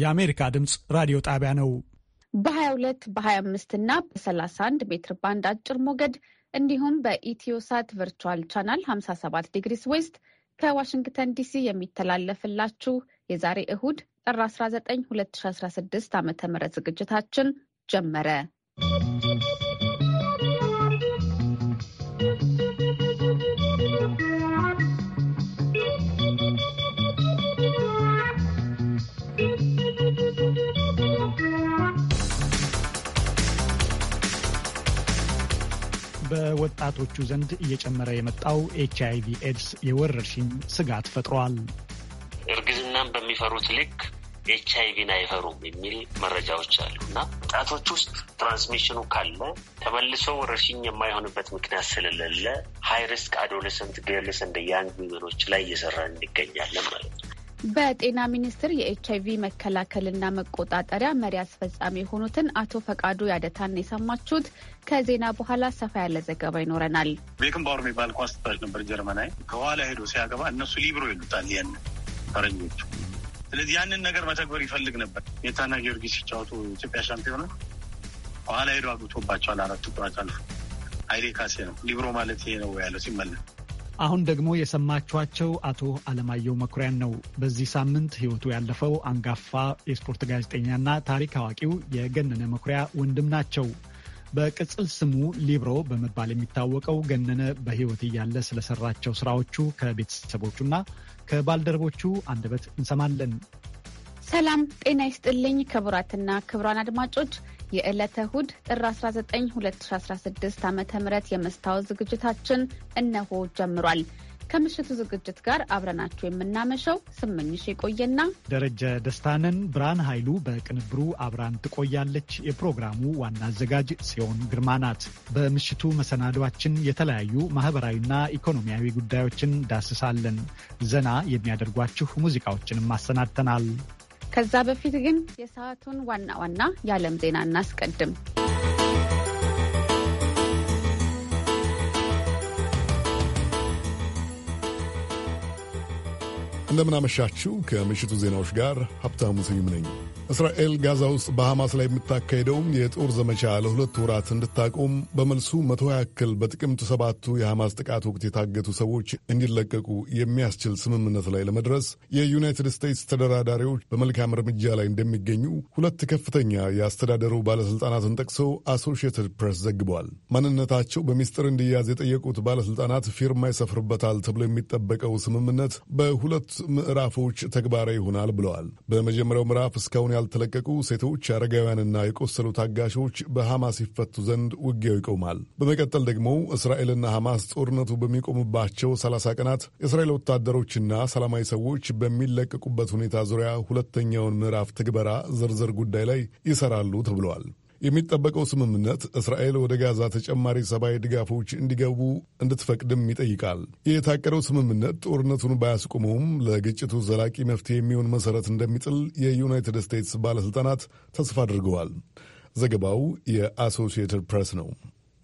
የአሜሪካ ድምፅ ራዲዮ ጣቢያ ነው። በ22 በ25 እና በ31 ሜትር ባንድ አጭር ሞገድ እንዲሁም በኢትዮሳት ቨርቹዋል ቻናል 57 ዲግሪስ ዌስት ከዋሽንግተን ዲሲ የሚተላለፍላችሁ የዛሬ እሁድ ጥር 19 2016 ዓ ም ዝግጅታችን ጀመረ። በወጣቶቹ ዘንድ እየጨመረ የመጣው ኤች አይ ቪ ኤድስ የወረርሽኝ ስጋት ፈጥሯል። እርግዝናን በሚፈሩት ልክ ኤች አይ ቪን አይፈሩም የሚል መረጃዎች አሉ እና ወጣቶች ውስጥ ትራንስሚሽኑ ካለ ተመልሶ ወረርሽኝ የማይሆንበት ምክንያት ስለሌለ ሀይ ሪስክ አዶለሰንት ገርልስ እንደ ያንግ ዊመኖች ላይ እየሰራ እንገኛለን ማለት ነው። በጤና ሚኒስቴር የኤች አይቪ መከላከልና መቆጣጠሪያ መሪ አስፈጻሚ የሆኑትን አቶ ፈቃዱ ያደታን የሰማችሁት። ከዜና በኋላ ሰፋ ያለ ዘገባ ይኖረናል። ቤክን ቤክንባወር የሚባል ኳስ ተጫዋች ነበር ጀርመናዊ። ከኋላ ሄዶ ሲያገባ እነሱ ሊብሮ ይሉታል ያን ፈረኞቹ። ስለዚህ ያንን ነገር መተግበር ይፈልግ ነበር። የታና ጊዮርጊስ ሲጫወቱ ኢትዮጵያ ሻምፒዮና ከኋላ ሄዶ አግብቶባቸዋል። አራቱ ጥራት አልፎ ኃይሌ ካሴ ነው ሊብሮ ማለት ይሄ ነው ያለው ሲመለስ አሁን ደግሞ የሰማችኋቸው አቶ አለማየሁ መኩሪያን ነው። በዚህ ሳምንት ሕይወቱ ያለፈው አንጋፋ የስፖርት ጋዜጠኛና ታሪክ አዋቂው የገነነ መኩሪያ ወንድም ናቸው። በቅጽል ስሙ ሊብሮ በመባል የሚታወቀው ገነነ በህይወት እያለ ስለሰራቸው ስራዎቹ ከቤተሰቦቹና ከባልደረቦቹ አንደበት እንሰማለን። ሰላም ጤና ይስጥልኝ ክቡራትና ክቡራን አድማጮች የዕለተ እሁድ ጥር 19 2016 ዓ ም የመስታወት ዝግጅታችን እነሆ ጀምሯል። ከምሽቱ ዝግጅት ጋር አብረናችሁ የምናመሸው ስመኝሽ የቆየና ደረጀ ደስታንን። ብርሃን ኃይሉ በቅንብሩ አብራን ትቆያለች። የፕሮግራሙ ዋና አዘጋጅ ጽዮን ግርማ ናት። በምሽቱ መሰናዷችን የተለያዩ ማህበራዊና ኢኮኖሚያዊ ጉዳዮችን ዳስሳለን። ዘና የሚያደርጓችሁ ሙዚቃዎችንም አሰናድተናል። ከዛ በፊት ግን የሰዓቱን ዋና ዋና የዓለም ዜና እናስቀድም። እንደምናመሻችሁ። ከምሽቱ ዜናዎች ጋር ሀብታሙ ስዩም ነኝ። እስራኤል ጋዛ ውስጥ በሐማስ ላይ የምታካሄደውም የጦር ዘመቻ ለሁለት ወራት እንድታቆም በመልሱ መቶ ያክል በጥቅምት ሰባቱ የሐማስ ጥቃት ወቅት የታገቱ ሰዎች እንዲለቀቁ የሚያስችል ስምምነት ላይ ለመድረስ የዩናይትድ ስቴትስ ተደራዳሪዎች በመልካም እርምጃ ላይ እንደሚገኙ ሁለት ከፍተኛ የአስተዳደሩ ባለሥልጣናትን ጠቅሰው አሶሺየትድ ፕሬስ ዘግቧል። ማንነታቸው በሚስጥር እንዲያዝ የጠየቁት ባለሥልጣናት ፊርማ ይሰፍርበታል ተብሎ የሚጠበቀው ስምምነት በሁለት ምዕራፎች ተግባራዊ ይሆናል ብለዋል። በመጀመሪያው ምዕራፍ እስካሁን ያልተለቀቁ ሴቶች፣ አረጋውያንና የቆሰሉ ታጋሾች በሐማስ ይፈቱ ዘንድ ውጊያው ይቆማል። በመቀጠል ደግሞ እስራኤልና ሐማስ ጦርነቱ በሚቆምባቸው 30 ቀናት የእስራኤል ወታደሮችና ሰላማዊ ሰዎች በሚለቀቁበት ሁኔታ ዙሪያ ሁለተኛውን ምዕራፍ ትግበራ ዝርዝር ጉዳይ ላይ ይሰራሉ ተብለዋል። የሚጠበቀው ስምምነት እስራኤል ወደ ጋዛ ተጨማሪ ሰብአዊ ድጋፎች እንዲገቡ እንድትፈቅድም ይጠይቃል። የታቀደው ስምምነት ጦርነቱን ባያስቆመውም ለግጭቱ ዘላቂ መፍትሄ የሚሆን መሰረት እንደሚጥል የዩናይትድ ስቴትስ ባለሥልጣናት ተስፋ አድርገዋል። ዘገባው የአሶሺየትድ ፕሬስ ነው።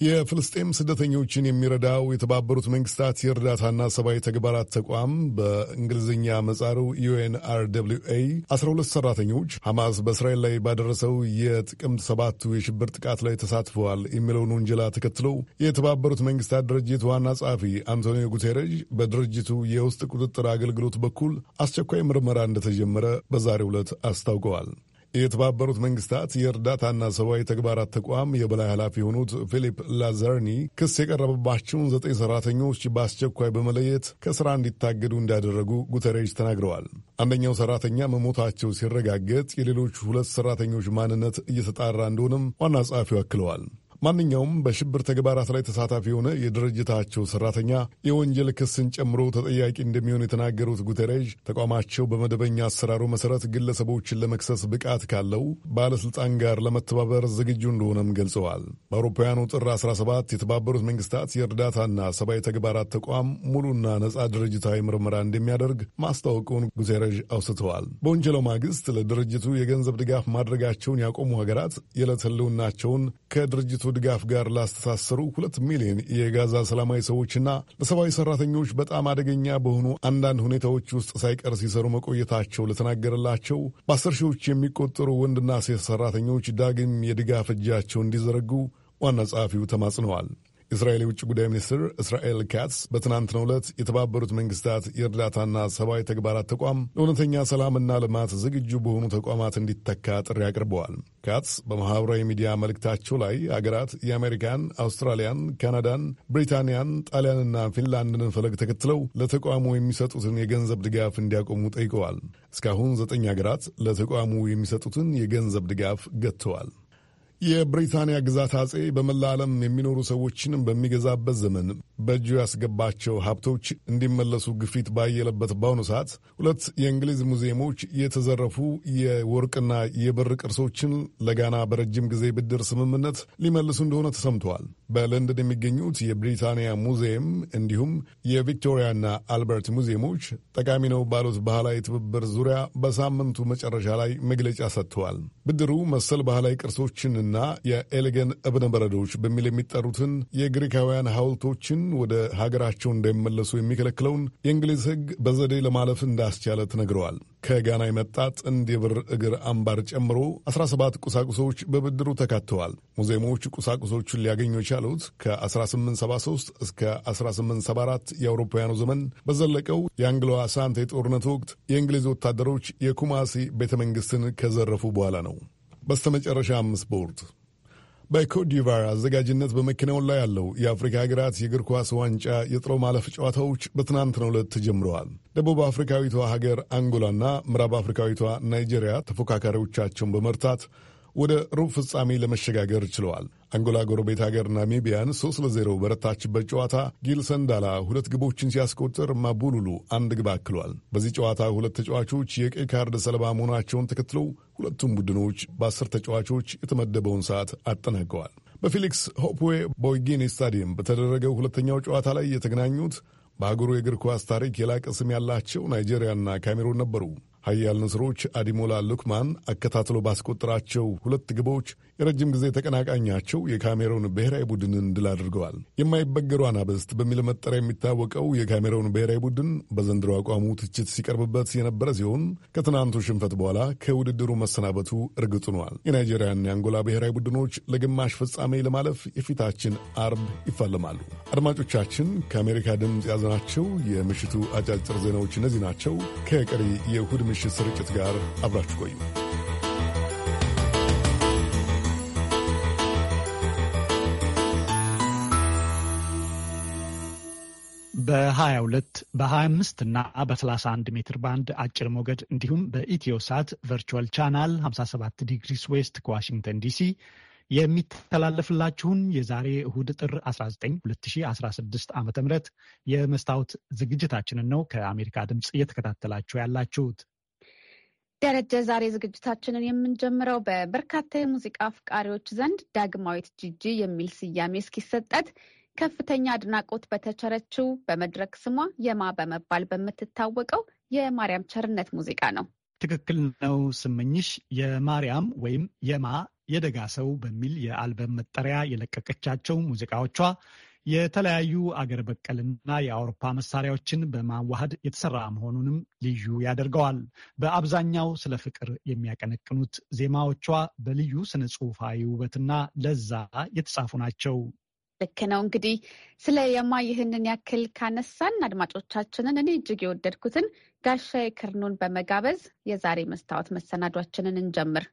የፍልስጤም ስደተኞችን የሚረዳው የተባበሩት መንግስታት የእርዳታና ሰብአዊ ተግባራት ተቋም በእንግሊዝኛ መጻሩ ዩኤን 12 ሰራተኞች ሐማስ በእስራኤል ላይ ባደረሰው የጥቅምት ሰባቱ የሽብር ጥቃት ላይ ተሳትፈዋል የሚለውን ውንጀላ ተከትሎ የተባበሩት መንግስታት ድርጅት ዋና ጸሐፊ አንቶኒዮ ጉቴረዥ በድርጅቱ የውስጥ ቁጥጥር አገልግሎት በኩል አስቸኳይ ምርመራ እንደተጀመረ በዛሬው ዕለት አስታውቀዋል። የተባበሩት መንግስታት የእርዳታና ሰብአዊ ተግባራት ተቋም የበላይ ኃላፊ የሆኑት ፊሊፕ ላዘርኒ ክስ የቀረበባቸውን ዘጠኝ ሰራተኞች በአስቸኳይ በመለየት ከስራ እንዲታገዱ እንዳደረጉ ጉተሬጅ ተናግረዋል። አንደኛው ሰራተኛ መሞታቸው ሲረጋገጥ የሌሎች ሁለት ሰራተኞች ማንነት እየተጣራ እንደሆነም ዋና ጸሐፊው አክለዋል። ማንኛውም በሽብር ተግባራት ላይ ተሳታፊ የሆነ የድርጅታቸው ሰራተኛ የወንጀል ክስን ጨምሮ ተጠያቂ እንደሚሆን የተናገሩት ጉተሬዥ ተቋማቸው በመደበኛ አሰራሩ መሰረት ግለሰቦችን ለመክሰስ ብቃት ካለው ባለስልጣን ጋር ለመተባበር ዝግጁ እንደሆነም ገልጸዋል። በአውሮፓውያኑ ጥር 17 የተባበሩት መንግስታት የእርዳታና ሰብአዊ ተግባራት ተቋም ሙሉና ነጻ ድርጅታዊ ምርመራ እንደሚያደርግ ማስታወቁን ጉተሬዥ አውስተዋል። በወንጀለው ማግስት ለድርጅቱ የገንዘብ ድጋፍ ማድረጋቸውን ያቆሙ ሀገራት የዕለት ህልውናቸውን ከድርጅቱ ድጋፍ ጋር ላስተሳሰሩ ሁለት ሚሊዮን የጋዛ ሰላማዊ ሰዎችና ለሰብአዊ ሰራተኞች በጣም አደገኛ በሆኑ አንዳንድ ሁኔታዎች ውስጥ ሳይቀር ሲሰሩ መቆየታቸው ለተናገረላቸው በአስር ሺዎች የሚቆጠሩ ወንድና ሴት ሰራተኞች ዳግም የድጋፍ እጃቸው እንዲዘረጉ ዋና ጸሐፊው ተማጽነዋል። የእስራኤል የውጭ ጉዳይ ሚኒስትር እስራኤል ካትስ በትናንትናው ዕለት የተባበሩት መንግስታት የእርዳታና ሰብአዊ ተግባራት ተቋም ለእውነተኛ ሰላምና ልማት ዝግጁ በሆኑ ተቋማት እንዲተካ ጥሪ አቅርበዋል። ካትስ በማኅበራዊ ሚዲያ መልእክታቸው ላይ አገራት የአሜሪካን፣ አውስትራሊያን፣ ካናዳን፣ ብሪታንያን፣ ጣሊያንና ፊንላንድን ፈለግ ተከትለው ለተቋሙ የሚሰጡትን የገንዘብ ድጋፍ እንዲያቆሙ ጠይቀዋል። እስካሁን ዘጠኝ አገራት ለተቋሙ የሚሰጡትን የገንዘብ ድጋፍ ገጥተዋል። የብሪታንያ ግዛት አጼ በመላ ዓለም የሚኖሩ ሰዎችንም በሚገዛበት ዘመን በእጁ ያስገባቸው ሀብቶች እንዲመለሱ ግፊት ባየለበት በአሁኑ ሰዓት ሁለት የእንግሊዝ ሙዚየሞች የተዘረፉ የወርቅና የብር ቅርሶችን ለጋና በረጅም ጊዜ ብድር ስምምነት ሊመልሱ እንደሆነ ተሰምተዋል። በለንደን የሚገኙት የብሪታንያ ሙዚየም እንዲሁም የቪክቶሪያና አልበርት ሙዚየሞች ጠቃሚ ነው ባሉት ባህላዊ ትብብር ዙሪያ በሳምንቱ መጨረሻ ላይ መግለጫ ሰጥተዋል። ብድሩ መሰል ባህላዊ ቅርሶችን እና የኤሌገን እብነ በረዶች በሚል የሚጠሩትን የግሪካውያን ሐውልቶችን ወደ ሀገራቸው እንዳይመለሱ የሚከለክለውን የእንግሊዝ ሕግ በዘዴ ለማለፍ እንዳስቻለ ተነግረዋል። ከጋና የመጣ ጥንድ የብር እግር አምባር ጨምሮ 17 ቁሳቁሶች በብድሩ ተካተዋል። ሙዚየሞች ቁሳቁሶቹን ሊያገኙ የቻሉት ከ1873 እስከ 1874 የአውሮፓውያኑ ዘመን በዘለቀው የአንግሎ አሳንቴ ጦርነት ወቅት የእንግሊዝ ወታደሮች የኩማሲ ቤተ መንግሥትን ከዘረፉ በኋላ ነው። በስተመጨረሻም ስፖርት በኮትዲቫር አዘጋጅነት በመከናወን ላይ ያለው የአፍሪካ ሀገራት የእግር ኳስ ዋንጫ የጥሎ ማለፍ ጨዋታዎች በትናንትናው ዕለት ተጀምረዋል። ደቡብ አፍሪካዊቷ ሀገር አንጎላና ምዕራብ አፍሪካዊቷ ናይጄሪያ ተፎካካሪዎቻቸውን በመርታት ወደ ሩብ ፍጻሜ ለመሸጋገር ችለዋል። አንጎላ ጎረቤት ሀገር ናሚቢያን 3 ለዜሮ በረታችበት ጨዋታ ጊልሰን ዳላ ሁለት ግቦችን ሲያስቆጥር ማቡሉሉ አንድ ግብ አክሏል። በዚህ ጨዋታ ሁለት ተጫዋቾች የቀይ ካርድ ሰለባ መሆናቸውን ተከትለው ሁለቱም ቡድኖች በአስር ተጫዋቾች የተመደበውን ሰዓት አጠናቀዋል። በፊሊክስ ሆፕዌ ቦይጌኔ ስታዲየም በተደረገው ሁለተኛው ጨዋታ ላይ የተገናኙት በአገሩ የእግር ኳስ ታሪክ የላቀ ስም ያላቸው ናይጄሪያና ካሜሩን ነበሩ። ኃያል ንስሮች አዲሞላ ሉክማን አከታትሎ ባስቆጠራቸው ሁለት ግቦች የረጅም ጊዜ ተቀናቃኛቸው የካሜሮን ብሔራዊ ቡድንን ድል አድርገዋል። የማይበገሩ አናብስት በሚል መጠሪያ የሚታወቀው የካሜሮን ብሔራዊ ቡድን በዘንድሮ አቋሙ ትችት ሲቀርብበት የነበረ ሲሆን ከትናንቱ ሽንፈት በኋላ ከውድድሩ መሰናበቱ እርግጥ ሆኗል። የናይጄሪያና የአንጎላ ብሔራዊ ቡድኖች ለግማሽ ፍጻሜ ለማለፍ የፊታችን አርብ ይፋለማሉ። አድማጮቻችን፣ ከአሜሪካ ድምፅ ያዝናቸው የምሽቱ አጫጭር ዜናዎች እነዚህ ናቸው። ከቀሪ የእሁድ ምሽት ስርጭት ጋር አብራችሁ ቆዩ። በ22 በ25 እና በ31 ሜትር ባንድ አጭር ሞገድ እንዲሁም በኢትዮ ሳት ቨርቹዋል ቻናል 57 ዲግሪስ ዌስት ከዋሽንግተን ዲሲ የሚተላለፍላችሁን የዛሬ እሁድ ጥር 19 2016 ዓ ም የመስታወት ዝግጅታችንን ነው ከአሜሪካ ድምፅ እየተከታተላችሁ ያላችሁት። ደረጀ፣ ዛሬ ዝግጅታችንን የምንጀምረው በበርካታ የሙዚቃ አፍቃሪዎች ዘንድ ዳግማዊት ጂጂ የሚል ስያሜ እስኪሰጠት ከፍተኛ አድናቆት በተቸረችው በመድረክ ስሟ የማ በመባል በምትታወቀው የማርያም ቸርነት ሙዚቃ ነው። ትክክል ነው ስመኝሽ። የማርያም ወይም የማ የደጋ ሰው በሚል የአልበም መጠሪያ የለቀቀቻቸው ሙዚቃዎቿ የተለያዩ አገር በቀልና የአውሮፓ መሳሪያዎችን በማዋሃድ የተሰራ መሆኑንም ልዩ ያደርገዋል። በአብዛኛው ስለ ፍቅር የሚያቀነቅኑት ዜማዎቿ በልዩ ስነ ጽሁፋዊ ውበትና ለዛ የተጻፉ ናቸው። ልክ ነው። እንግዲህ ስለ የማ ይህንን ያክል ካነሳን አድማጮቻችንን እኔ እጅግ የወደድኩትን ጋሻዬ ክርኑን በመጋበዝ የዛሬ መስታወት መሰናዷችንን እንጀምር።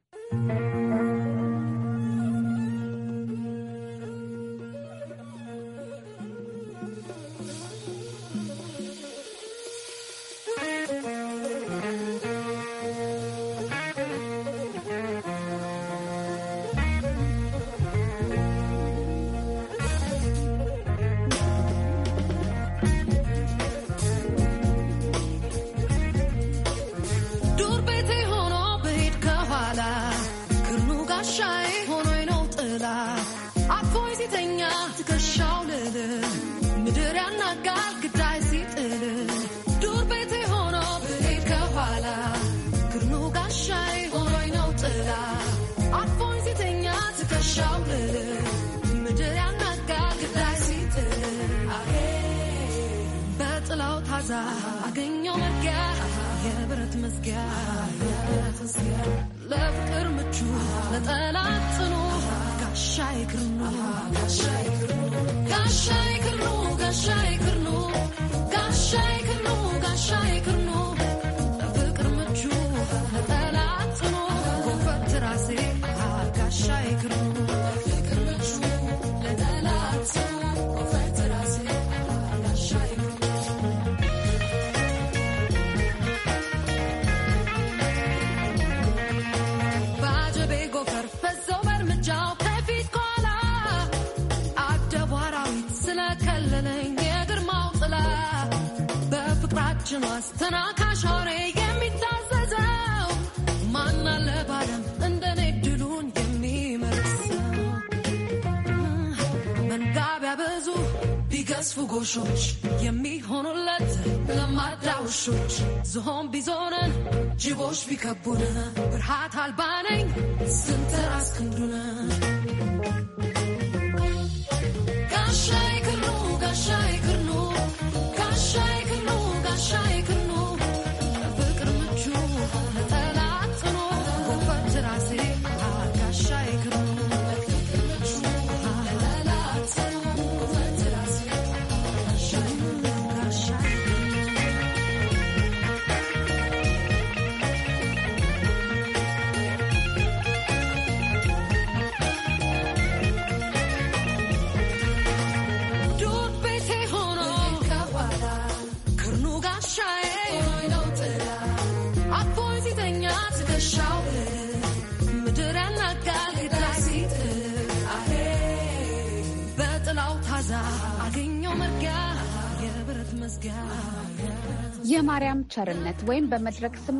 ውሾች የሚሆኑለት ለማዳ ውሾች ዝሆን ቢዞነን ጅቦች ቢከቡን ብርሃት አልባነኝ ስንተራስ የማርያም ቸርነት ወይም በመድረክ ስሟ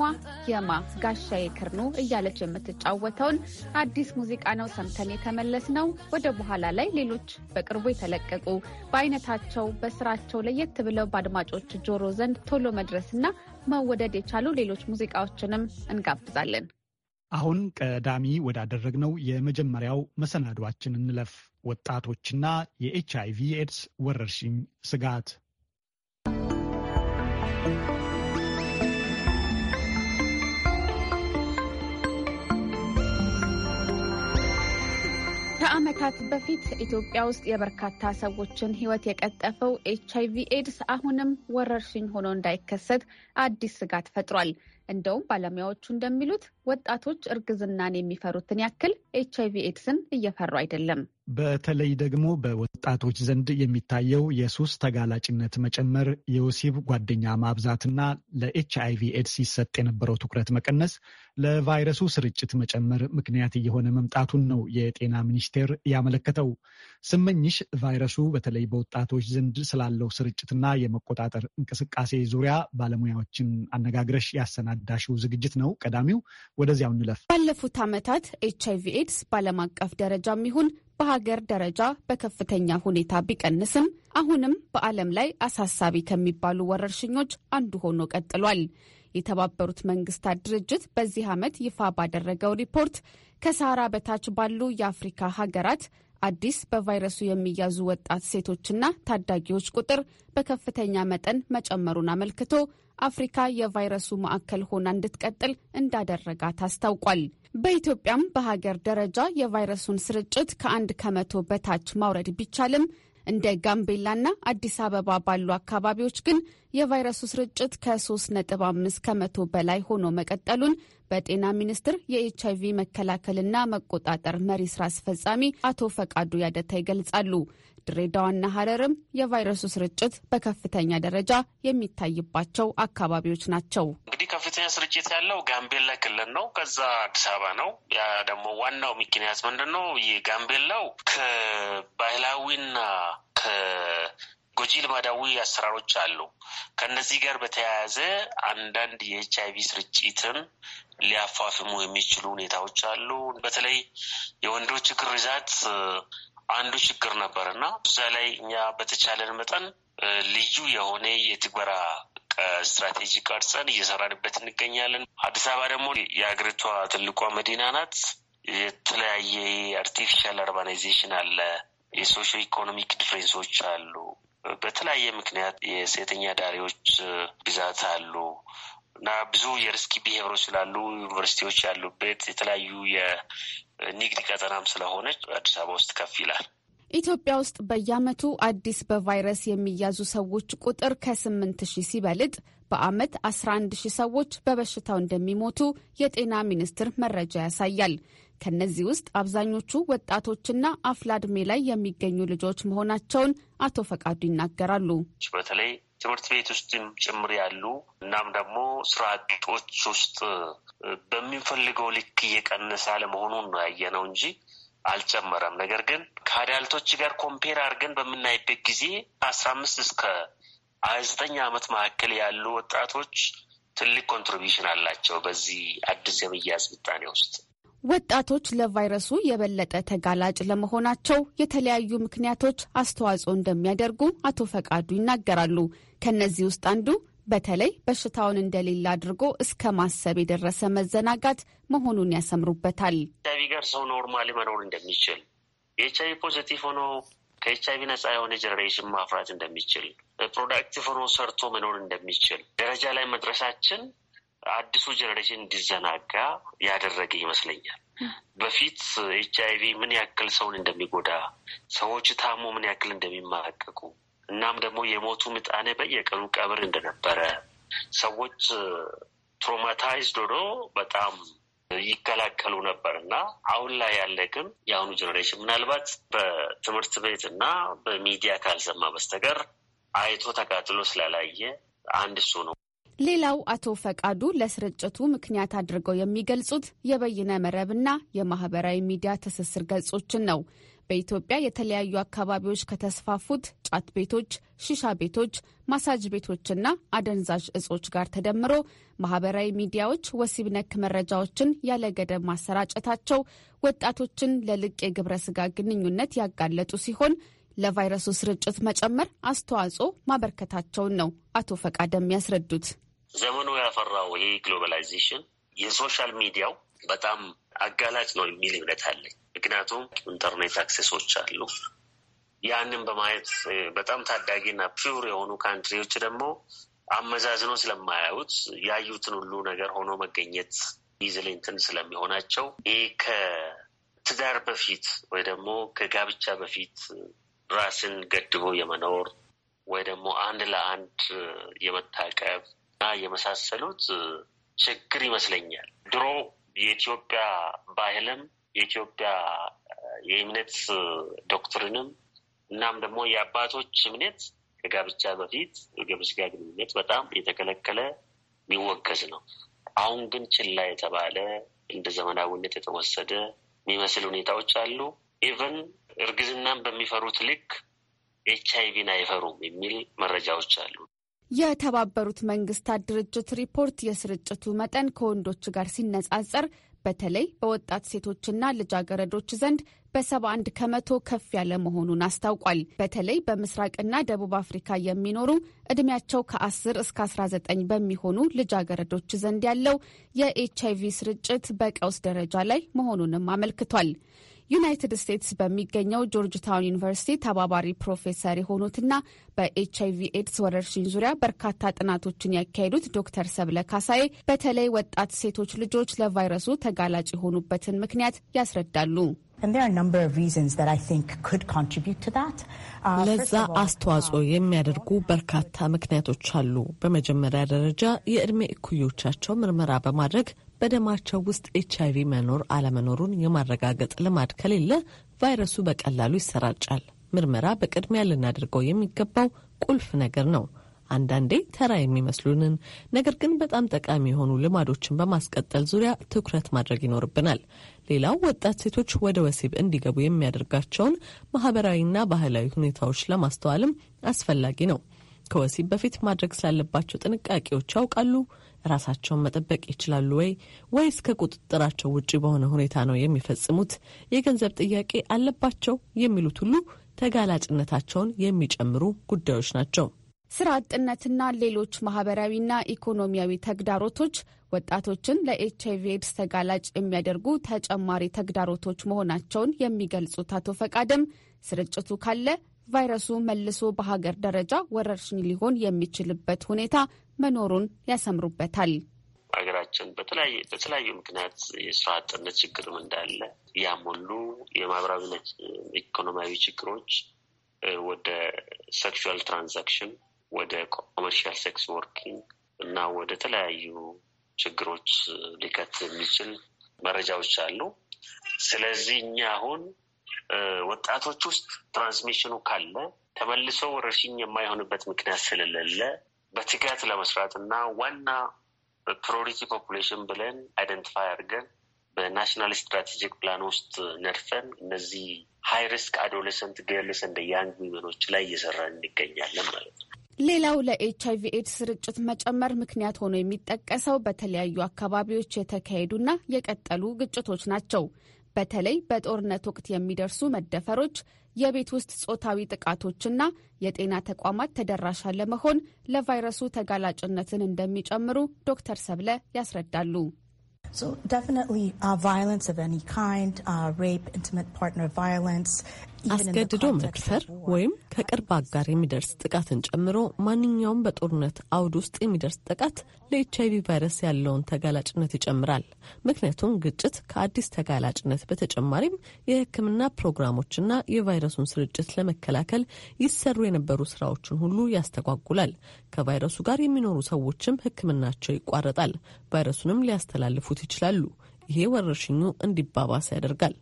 የማ ጋሻዬ ክርኑ እያለች የምትጫወተውን አዲስ ሙዚቃ ነው ሰምተን የተመለስ ነው። ወደ በኋላ ላይ ሌሎች በቅርቡ የተለቀቁ በአይነታቸው፣ በስራቸው ለየት ብለው በአድማጮች ጆሮ ዘንድ ቶሎ መድረስና መወደድ የቻሉ ሌሎች ሙዚቃዎችንም እንጋብዛለን። አሁን ቀዳሚ ወዳደረግነው የመጀመሪያው መሰናዷችን እንለፍ። ወጣቶችና የኤች አይቪ ኤድስ ወረርሽኝ ስጋት ከዓመታት በፊት ኢትዮጵያ ውስጥ የበርካታ ሰዎችን ሕይወት የቀጠፈው ኤች አይቪ ኤድስ አሁንም ወረርሽኝ ሆኖ እንዳይከሰት አዲስ ስጋት ፈጥሯል። እንደውም ባለሙያዎቹ እንደሚሉት ወጣቶች እርግዝናን የሚፈሩትን ያክል ኤች አይቪ ኤድስን እየፈሩ አይደለም። በተለይ ደግሞ በወጣቶች ዘንድ የሚታየው የሱስ ተጋላጭነት መጨመር፣ የወሲብ ጓደኛ ማብዛትና ለኤች አይቪ ኤድስ ይሰጥ የነበረው ትኩረት መቀነስ ለቫይረሱ ስርጭት መጨመር ምክንያት እየሆነ መምጣቱን ነው የጤና ሚኒስቴር ያመለከተው። ስመኝሽ ቫይረሱ በተለይ በወጣቶች ዘንድ ስላለው ስርጭትና የመቆጣጠር እንቅስቃሴ ዙሪያ ባለሙያዎችን አነጋግረሽ ያሰናዳሽው ዝግጅት ነው ቀዳሚው። ወደዚያው እንለፍ። ባለፉት ዓመታት ኤች አይቪ ኤድስ በዓለም አቀፍ ደረጃም ይሁን በሀገር ደረጃ በከፍተኛ ሁኔታ ቢቀንስም አሁንም በዓለም ላይ አሳሳቢ ከሚባሉ ወረርሽኞች አንዱ ሆኖ ቀጥሏል። የተባበሩት መንግስታት ድርጅት በዚህ ዓመት ይፋ ባደረገው ሪፖርት ከሳራ በታች ባሉ የአፍሪካ ሀገራት አዲስ በቫይረሱ የሚያዙ ወጣት ሴቶችና ታዳጊዎች ቁጥር በከፍተኛ መጠን መጨመሩን አመልክቶ አፍሪካ የቫይረሱ ማዕከል ሆና እንድትቀጥል እንዳደረጋት አስታውቋል። በኢትዮጵያም በሀገር ደረጃ የቫይረሱን ስርጭት ከአንድ ከመቶ በታች ማውረድ ቢቻልም እንደ ጋምቤላና አዲስ አበባ ባሉ አካባቢዎች ግን የቫይረሱ ስርጭት ከ3.5 ከመቶ በላይ ሆኖ መቀጠሉን በጤና ሚኒስቴር የኤች አይቪ መከላከልና መቆጣጠር መሪ ስራ አስፈጻሚ አቶ ፈቃዱ ያደታ ይገልጻሉ። ድሬዳዋና ሀረርም የቫይረሱ ስርጭት በከፍተኛ ደረጃ የሚታይባቸው አካባቢዎች ናቸው። እንግዲህ ከፍተኛ ስርጭት ያለው ጋምቤላ ክልል ነው። ከዛ አዲስ አበባ ነው። ያ ደግሞ ዋናው ምክንያት ምንድን ነው? ይህ ጋምቤላው ከባህላዊና ጎጂ ልማዳዊ አሰራሮች አሉ። ከነዚህ ጋር በተያያዘ አንዳንድ የኤች አይቪ ስርጭትን ሊያፋፍሙ የሚችሉ ሁኔታዎች አሉ። በተለይ የወንዶች ግርዛት አንዱ ችግር ነበር እና እዛ ላይ እኛ በተቻለን መጠን ልዩ የሆነ የትግበራ ስትራቴጂ ቀርጸን እየሰራንበት እንገኛለን። አዲስ አበባ ደግሞ የሀገሪቷ ትልቋ መዲና ናት። የተለያየ አርቲፊሻል አርባናይዜሽን አለ። የሶሽ ኢኮኖሚክ ዲፍሬንሶች አሉ። በተለያየ ምክንያት የሴተኛ ዳሪዎች ብዛት አሉ። እና ብዙ የሪስኪ ብሄሮች ስላሉ ዩኒቨርሲቲዎች ያሉበት የተለያዩ የንግድ ቀጠናም ስለሆነች አዲስ አበባ ውስጥ ከፍ ይላል። ኢትዮጵያ ውስጥ በየዓመቱ አዲስ በቫይረስ የሚያዙ ሰዎች ቁጥር ከስምንት ሺህ ሲበልጥ በዓመት 11 ሺህ ሰዎች በበሽታው እንደሚሞቱ የጤና ሚኒስቴር መረጃ ያሳያል። ከነዚህ ውስጥ አብዛኞቹ ወጣቶችና አፍላ ዕድሜ ላይ የሚገኙ ልጆች መሆናቸውን አቶ ፈቃዱ ይናገራሉ። በተለይ ትምህርት ቤት ውስጥም ጭምር ያሉ እናም ደግሞ ስራ አጦች ውስጥ በሚፈልገው ልክ እየቀነሰ አለመሆኑን ነው እንጂ አልጨመረም። ነገር ግን ከአዳልቶች ጋር ኮምፔር አድርገን በምናይበት ጊዜ አስራ አምስት እስከ ሀያ ዘጠኝ ዓመት መካከል ያሉ ወጣቶች ትልቅ ኮንትሪቢሽን አላቸው በዚህ አዲስ የመያዝ ምጣኔ ውስጥ ወጣቶች ለቫይረሱ የበለጠ ተጋላጭ ለመሆናቸው የተለያዩ ምክንያቶች አስተዋጽኦ እንደሚያደርጉ አቶ ፈቃዱ ይናገራሉ። ከእነዚህ ውስጥ አንዱ በተለይ በሽታውን እንደሌለ አድርጎ እስከ ማሰብ የደረሰ መዘናጋት መሆኑን ያሰምሩበታል። ኤችአይቪ ጋር ሰው ኖርማሊ መኖር እንደሚችል የኤችአይቪ ፖዚቲቭ ሆኖ ከኤችአይቪ ነፃ የሆነ ጀኔሬሽን ማፍራት እንደሚችል፣ ፕሮዳክቲቭ ሆኖ ሰርቶ መኖር እንደሚችል ደረጃ ላይ መድረሳችን አዲሱ ጀኔሬሽን እንዲዘናጋ ያደረገ ይመስለኛል። በፊት ኤች አይቪ ምን ያክል ሰውን እንደሚጎዳ፣ ሰዎች ታሞ ምን ያክል እንደሚማቀቁ እናም ደግሞ የሞቱ ምጣኔ በየቀኑ ቀብር እንደነበረ ሰዎች ትሮማታይዝድ ሆኖ በጣም ይከላከሉ ነበር እና አሁን ላይ ያለ ግን የአሁኑ ጀኔሬሽን ምናልባት በትምህርት ቤት እና በሚዲያ ካልሰማ በስተቀር አይቶ ተቃጥሎ ስላላየ አንድ እሱ ነው። ሌላው አቶ ፈቃዱ ለስርጭቱ ምክንያት አድርገው የሚገልጹት የበይነ መረብና የማህበራዊ ሚዲያ ትስስር ገጾችን ነው። በኢትዮጵያ የተለያዩ አካባቢዎች ከተስፋፉት ጫት ቤቶች፣ ሺሻ ቤቶች፣ ማሳጅ ቤቶችና አደንዛዥ እጾች ጋር ተደምሮ ማህበራዊ ሚዲያዎች ወሲብ ነክ መረጃዎችን ያለ ገደብ ማሰራጨታቸው ወጣቶችን ለልቅ የግብረ ስጋ ግንኙነት ያጋለጡ ሲሆን ለቫይረሱ ስርጭት መጨመር አስተዋጽኦ ማበርከታቸውን ነው አቶ ፈቃደም የሚያስረዱት። ዘመኑ ያፈራው ይሄ ግሎባላይዜሽን የሶሻል ሚዲያው በጣም አጋላጭ ነው የሚል እምነት አለኝ። ምክንያቱም ኢንተርኔት አክሴሶች አሉ። ያንን በማየት በጣም ታዳጊና ፒውር የሆኑ ካንትሪዎች ደግሞ አመዛዝኖ ስለማያዩት ያዩትን ሁሉ ነገር ሆኖ መገኘት ኢዝሊ እንትን ስለሚሆናቸው ይህ ከትዳር በፊት ወይ ደግሞ ከጋብቻ በፊት ራስን ገድቦ የመኖር ወይ ደግሞ አንድ ለአንድ የመታቀብ እና የመሳሰሉት ችግር ይመስለኛል። ድሮ የኢትዮጵያ ባህልም የኢትዮጵያ የእምነት ዶክትሪንም እናም ደግሞ የአባቶች እምነት ከጋብቻ በፊት የስጋ ግንኙነት በጣም የተከለከለ የሚወገዝ ነው። አሁን ግን ችላ የተባለ እንደ ዘመናዊነት የተወሰደ የሚመስል ሁኔታዎች አሉ። ኢቨን እርግዝናን በሚፈሩት ልክ ኤች አይቪን አይፈሩም የሚል መረጃዎች አሉ። የተባበሩት መንግስታት ድርጅት ሪፖርት የስርጭቱ መጠን ከወንዶች ጋር ሲነጻጸር በተለይ በወጣት ሴቶችና ልጃገረዶች ዘንድ በ71 ከመቶ ከፍ ያለ መሆኑን አስታውቋል። በተለይ በምስራቅና ደቡብ አፍሪካ የሚኖሩ እድሜያቸው ከ10 እስከ 19 በሚሆኑ ልጃገረዶች ዘንድ ያለው የኤች አይቪ ስርጭት በቀውስ ደረጃ ላይ መሆኑንም አመልክቷል። ዩናይትድ ስቴትስ በሚገኘው ጆርጅ ታውን ዩኒቨርሲቲ ተባባሪ ፕሮፌሰር የሆኑትና በኤች አይቪ ኤድስ ወረርሽኝ ዙሪያ በርካታ ጥናቶችን ያካሄዱት ዶክተር ሰብለ ካሳዬ በተለይ ወጣት ሴቶች ልጆች ለቫይረሱ ተጋላጭ የሆኑበትን ምክንያት ያስረዳሉ። uh, ለዛ አስተዋጽኦ uh, የሚያደርጉ በርካታ ምክንያቶች አሉ። በመጀመሪያ ደረጃ የእድሜ እኩዮቻቸው ምርመራ በማድረግ በደማቸው ውስጥ ኤች አይቪ መኖር አለመኖሩን የማረጋገጥ ልማድ ከሌለ ቫይረሱ በቀላሉ ይሰራጫል። ምርመራ በቅድሚያ ልናደርገው የሚገባው ቁልፍ ነገር ነው። አንዳንዴ ተራ የሚመስሉንን ነገር ግን በጣም ጠቃሚ የሆኑ ልማዶችን በማስቀጠል ዙሪያ ትኩረት ማድረግ ይኖርብናል። ሌላው ወጣት ሴቶች ወደ ወሲብ እንዲገቡ የሚያደርጋቸውን ማህበራዊና ባህላዊ ሁኔታዎች ለማስተዋልም አስፈላጊ ነው። ከወሲብ በፊት ማድረግ ስላለባቸው ጥንቃቄዎች ያውቃሉ? ራሳቸውን መጠበቅ ይችላሉ ወይ ወይስ ከቁጥጥራቸው ውጭ በሆነ ሁኔታ ነው የሚፈጽሙት? የገንዘብ ጥያቄ አለባቸው? የሚሉት ሁሉ ተጋላጭነታቸውን የሚጨምሩ ጉዳዮች ናቸው። ስራ አጥነትና ሌሎች ማህበራዊና ኢኮኖሚያዊ ተግዳሮቶች ወጣቶችን ለኤች አይቪ ኤድስ ተጋላጭ የሚያደርጉ ተጨማሪ ተግዳሮቶች መሆናቸውን የሚገልጹት አቶ ፈቃድም ስርጭቱ ካለ ቫይረሱ መልሶ በሀገር ደረጃ ወረርሽኝ ሊሆን የሚችልበት ሁኔታ መኖሩን ያሰምሩበታል። ሀገራችን በተለያዩ ምክንያት የስራ አጥነት ችግርም እንዳለ ያም ሁሉ የማህበራዊና ኢኮኖሚያዊ ችግሮች ወደ ሴክሹዋል ትራንዛክሽን፣ ወደ ኮመርሻል ሴክስ ወርኪንግ እና ወደ ተለያዩ ችግሮች ሊከት የሚችል መረጃዎች አሉ። ስለዚህ እኛ አሁን ወጣቶች ውስጥ ትራንስሚሽኑ ካለ ተመልሶ ወረርሽኝ የማይሆንበት ምክንያት ስለሌለ በትጋት ለመስራት እና ዋና ፕሪዮሪቲ ፖፑሌሽን ብለን አይደንቲፋይ አድርገን በናሽናል ስትራቴጂክ ፕላን ውስጥ ነድፈን እነዚህ ሀይ ሪስክ አዶሌሰንት ገርልስ እንደ ያንግ ዊመኖች ላይ እየሰራን እንገኛለን ማለት ነው። ሌላው ለኤች አይቪ ኤድስ ስርጭት መጨመር ምክንያት ሆኖ የሚጠቀሰው በተለያዩ አካባቢዎች የተካሄዱና የቀጠሉ ግጭቶች ናቸው። በተለይ በጦርነት ወቅት የሚደርሱ መደፈሮች፣ የቤት ውስጥ ጾታዊ ጥቃቶችና የጤና ተቋማት ተደራሽ አለመሆን ለቫይረሱ ተጋላጭነትን እንደሚጨምሩ ዶክተር ሰብለ ያስረዳሉ። So definitely uh, violence of any kind, uh, rape, intimate partner violence, አስገድዶ መድፈር ወይም ከቅርብ አጋር የሚደርስ ጥቃትን ጨምሮ ማንኛውም በጦርነት አውድ ውስጥ የሚደርስ ጥቃት ለኤች አይቪ ቫይረስ ያለውን ተጋላጭነት ይጨምራል። ምክንያቱም ግጭት ከአዲስ ተጋላጭነት በተጨማሪም የሕክምና ፕሮግራሞችና የቫይረሱን ስርጭት ለመከላከል ይሰሩ የነበሩ ስራዎችን ሁሉ ያስተጓጉላል። ከቫይረሱ ጋር የሚኖሩ ሰዎችም ሕክምናቸው ይቋረጣል። ቫይረሱንም ሊያስተላልፉት ይችላሉ። ይሄ ወረርሽኙ እንዲባባስ ያደርጋል።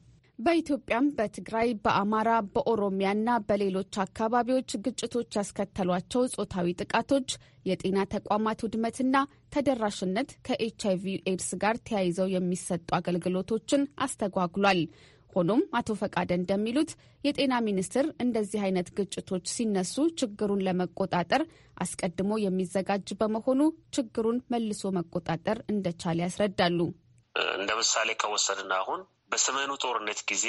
በኢትዮጵያም በትግራይ በአማራ በኦሮሚያና በሌሎች አካባቢዎች ግጭቶች ያስከተሏቸው ጾታዊ ጥቃቶች፣ የጤና ተቋማት ውድመትና ተደራሽነት ከኤች አይቪ ኤድስ ጋር ተያይዘው የሚሰጡ አገልግሎቶችን አስተጓጉሏል። ሆኖም አቶ ፈቃደ እንደሚሉት የጤና ሚኒስቴር እንደዚህ አይነት ግጭቶች ሲነሱ ችግሩን ለመቆጣጠር አስቀድሞ የሚዘጋጅ በመሆኑ ችግሩን መልሶ መቆጣጠር እንደቻለ ያስረዳሉ። እንደ ምሳሌ ከወሰድን አሁን በሰሜኑ ጦርነት ጊዜ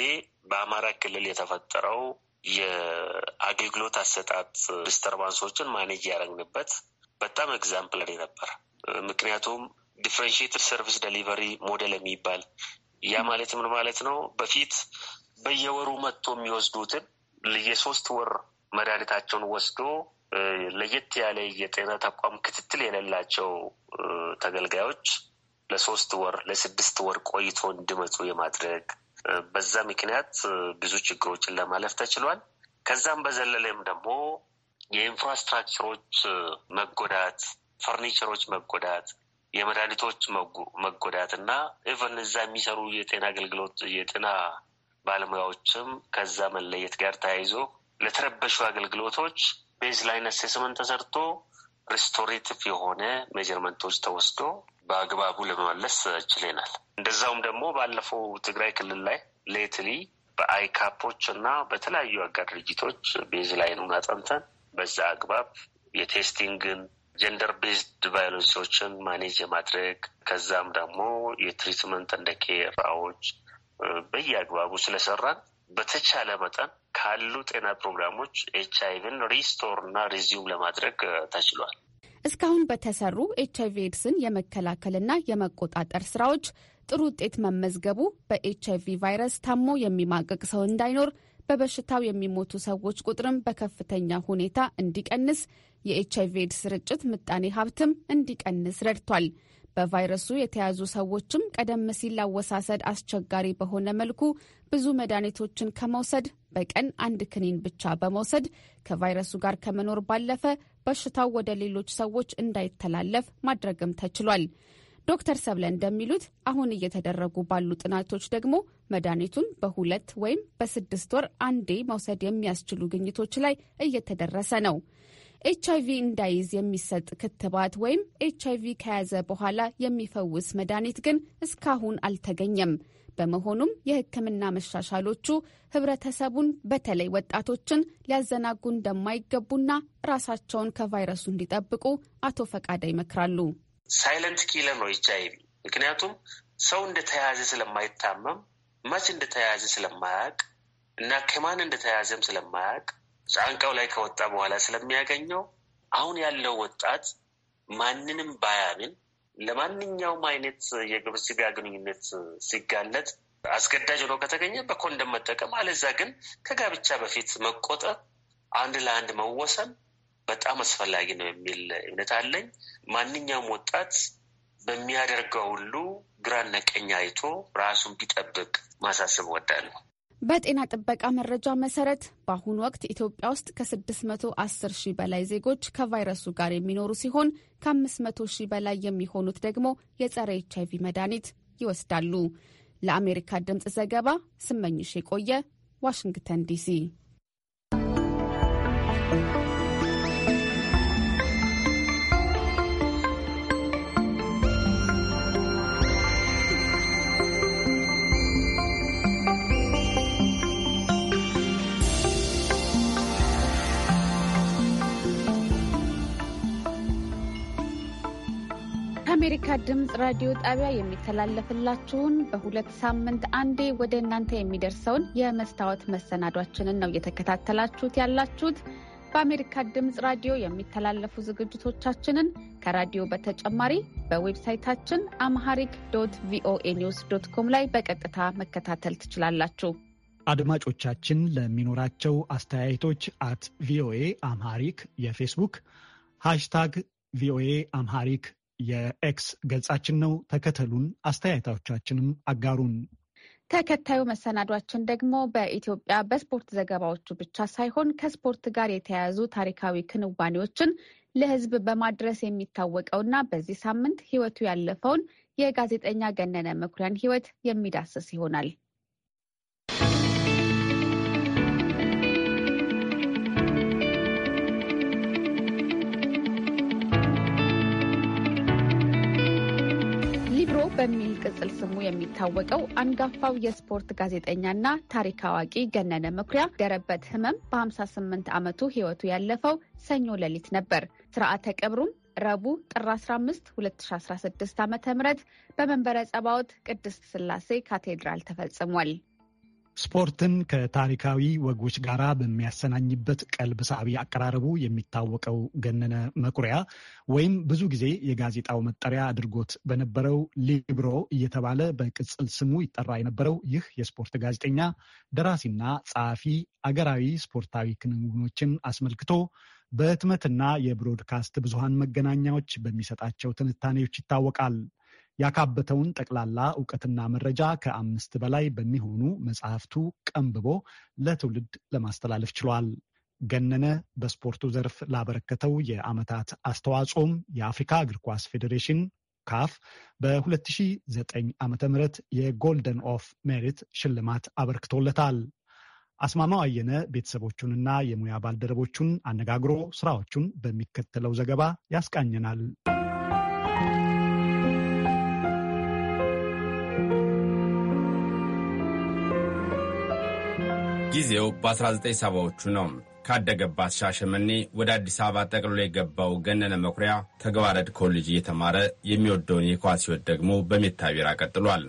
በአማራ ክልል የተፈጠረው የአገልግሎት አሰጣጥ ዲስተርባንሶችን ማኔጅ ያደረግንበት በጣም ኤግዛምፕለሪ ነበር። ምክንያቱም ዲፍረንሽትድ ሰርቪስ ደሊቨሪ ሞዴል የሚባል ያ ማለት ምን ማለት ነው? በፊት በየወሩ መጥቶ የሚወስዱትን የሶስት ወር መድኃኒታቸውን ወስዶ ለየት ያለ የጤና ተቋም ክትትል የሌላቸው ተገልጋዮች ለሶስት ወር ለስድስት ወር ቆይቶ እንዲመጡ የማድረግ በዛ ምክንያት ብዙ ችግሮችን ለማለፍ ተችሏል። ከዛም በዘለለም ደግሞ የኢንፍራስትራክቸሮች መጎዳት፣ ፈርኒቸሮች መጎዳት፣ የመድኃኒቶች መጎዳት እና ኢቨን እዛ የሚሰሩ የጤና አገልግሎት የጤና ባለሙያዎችም ከዛ መለየት ጋር ተያይዞ ለተረበሹ አገልግሎቶች ቤዝ ላይን አሴስመንት ተሰርቶ ሪስቶሬቲቭ የሆነ ሜጀርመንቶች ተወስዶ በአግባቡ ለመመለስ ችለናል። እንደዛውም ደግሞ ባለፈው ትግራይ ክልል ላይ ሌትሊ በአይካፖች እና በተለያዩ አጋር ድርጅቶች ቤዝ ላይኑን አጠንተን በዛ አግባብ የቴስቲንግን ጀንደር ቤዝድ ቫዮለንሶችን ማኔጅ የማድረግ ከዛም ደግሞ የትሪትመንት እንደ ኬራዎች በየአግባቡ ስለሰራን በተቻለ መጠን ካሉ ጤና ፕሮግራሞች ኤች አይቪን ሪስቶር እና ሪዚዩም ለማድረግ ተችሏል። እስካሁን በተሰሩ ኤች አይቪ ኤድስን የመከላከልና የመቆጣጠር ስራዎች ጥሩ ውጤት መመዝገቡ በኤች አይቪ ቫይረስ ታሞ የሚማቀቅ ሰው እንዳይኖር፣ በበሽታው የሚሞቱ ሰዎች ቁጥርም በከፍተኛ ሁኔታ እንዲቀንስ፣ የኤች አይቪ ኤድስ ስርጭት ምጣኔ ሀብትም እንዲቀንስ ረድቷል። በቫይረሱ የተያዙ ሰዎችም ቀደም ሲል አወሳሰድ አስቸጋሪ በሆነ መልኩ ብዙ መድኃኒቶችን ከመውሰድ በቀን አንድ ክኒን ብቻ በመውሰድ ከቫይረሱ ጋር ከመኖር ባለፈ በሽታው ወደ ሌሎች ሰዎች እንዳይተላለፍ ማድረግም ተችሏል። ዶክተር ሰብለ እንደሚሉት አሁን እየተደረጉ ባሉ ጥናቶች ደግሞ መድኃኒቱን በሁለት ወይም በስድስት ወር አንዴ መውሰድ የሚያስችሉ ግኝቶች ላይ እየተደረሰ ነው። ኤች አይቪ እንዳይዝ የሚሰጥ ክትባት ወይም ኤች አይቪ ከያዘ በኋላ የሚፈውስ መድኃኒት ግን እስካሁን አልተገኘም። በመሆኑም የሕክምና መሻሻሎቹ ህብረተሰቡን በተለይ ወጣቶችን ሊያዘናጉ እንደማይገቡና ራሳቸውን ከቫይረሱ እንዲጠብቁ አቶ ፈቃደ ይመክራሉ። ሳይለንት ኪለር ነው ኤች አይቪ። ምክንያቱም ሰው እንደተያያዘ ስለማይታመም መች እንደተያያዘ ስለማያውቅ እና ከማን እንደተያያዘም ስለማያውቅ ጫንቃው ላይ ከወጣ በኋላ ስለሚያገኘው አሁን ያለው ወጣት ማንንም ባያምን ለማንኛውም አይነት የግብረ ስጋ ግንኙነት ሲጋለጥ አስገዳጅ ሆኖ ከተገኘ በኮንደም መጠቀም፣ አለዛ ግን ከጋብቻ በፊት መቆጠብ፣ አንድ ለአንድ መወሰን በጣም አስፈላጊ ነው የሚል እምነት አለኝ። ማንኛውም ወጣት በሚያደርገው ሁሉ ግራና ቀኝ አይቶ ራሱን ቢጠብቅ ማሳሰብ እወዳለሁ። በጤና ጥበቃ መረጃ መሰረት በአሁኑ ወቅት ኢትዮጵያ ውስጥ ከ610 ሺህ በላይ ዜጎች ከቫይረሱ ጋር የሚኖሩ ሲሆን ከ500 ሺህ በላይ የሚሆኑት ደግሞ የጸረ ኤች አይቪ መድኃኒት ይወስዳሉ። ለአሜሪካ ድምፅ ዘገባ ስመኝሽ የቆየ ዋሽንግተን ዲሲ። ከአሜሪካ ድምፅ ራዲዮ ጣቢያ የሚተላለፍላችሁን በሁለት ሳምንት አንዴ ወደ እናንተ የሚደርሰውን የመስታወት መሰናዷችንን ነው እየተከታተላችሁት ያላችሁት። በአሜሪካ ድምፅ ራዲዮ የሚተላለፉ ዝግጅቶቻችንን ከራዲዮ በተጨማሪ በዌብሳይታችን አምሃሪክ ዶት ቪኦኤ ኒውስ ዶት ኮም ላይ በቀጥታ መከታተል ትችላላችሁ። አድማጮቻችን ለሚኖራቸው አስተያየቶች አት ቪኦኤ አምሃሪክ የፌስቡክ ሃሽታግ ቪኦኤ አምሃሪክ የኤክስ ገጻችን ነው። ተከተሉን፣ አስተያየታዎቻችንም አጋሩን። ተከታዩ መሰናዷችን ደግሞ በኢትዮጵያ በስፖርት ዘገባዎቹ ብቻ ሳይሆን ከስፖርት ጋር የተያያዙ ታሪካዊ ክንዋኔዎችን ለሕዝብ በማድረስ የሚታወቀውና በዚህ ሳምንት ሕይወቱ ያለፈውን የጋዜጠኛ ገነነ መኩሪያን ሕይወት የሚዳስስ ይሆናል። በሚል ቅጽል ስሙ የሚታወቀው አንጋፋው የስፖርት ጋዜጠኛና ታሪክ አዋቂ ገነነ መኩሪያ ደረበት ህመም በ58 ዓመቱ ህይወቱ ያለፈው ሰኞ ሌሊት ነበር። ስርዓተ ቀብሩም ረቡዕ ጥር 15 2016 ዓ ም በመንበረ ጸባዖት ቅድስት ስላሴ ካቴድራል ተፈጽሟል። ስፖርትን ከታሪካዊ ወጎች ጋር በሚያሰናኝበት ቀልብ ሳቢ አቀራረቡ የሚታወቀው ገነነ መኩሪያ ወይም ብዙ ጊዜ የጋዜጣው መጠሪያ አድርጎት በነበረው ሊብሮ እየተባለ በቅጽል ስሙ ይጠራ የነበረው ይህ የስፖርት ጋዜጠኛ ደራሲና ጸሐፊ አገራዊ ስፖርታዊ ክንውኖችን አስመልክቶ በህትመትና የብሮድካስት ብዙሃን መገናኛዎች በሚሰጣቸው ትንታኔዎች ይታወቃል። ያካበተውን ጠቅላላ እውቀትና መረጃ ከአምስት በላይ በሚሆኑ መጽሐፍቱ ቀንብቦ ለትውልድ ለማስተላለፍ ችሏል። ገነነ በስፖርቱ ዘርፍ ላበረከተው የዓመታት አስተዋጽኦም የአፍሪካ እግር ኳስ ፌዴሬሽን ካፍ በ2009 ዓ ም የጎልደን ኦፍ ሜሪት ሽልማት አበርክቶለታል። አስማማው አየነ ቤተሰቦቹንና የሙያ ባልደረቦቹን አነጋግሮ ስራዎቹን በሚከተለው ዘገባ ያስቃኘናል። ጊዜው በ1970ዎቹ ነው። ካደገባት ሻሸመኔ ወደ አዲስ አበባ ጠቅልሎ የገባው ገነነ መኩሪያ ተግባረድ ኮሌጅ እየተማረ የሚወደውን የኳስ ሕይወት ደግሞ በሜታ ቢራ ቀጥሏል።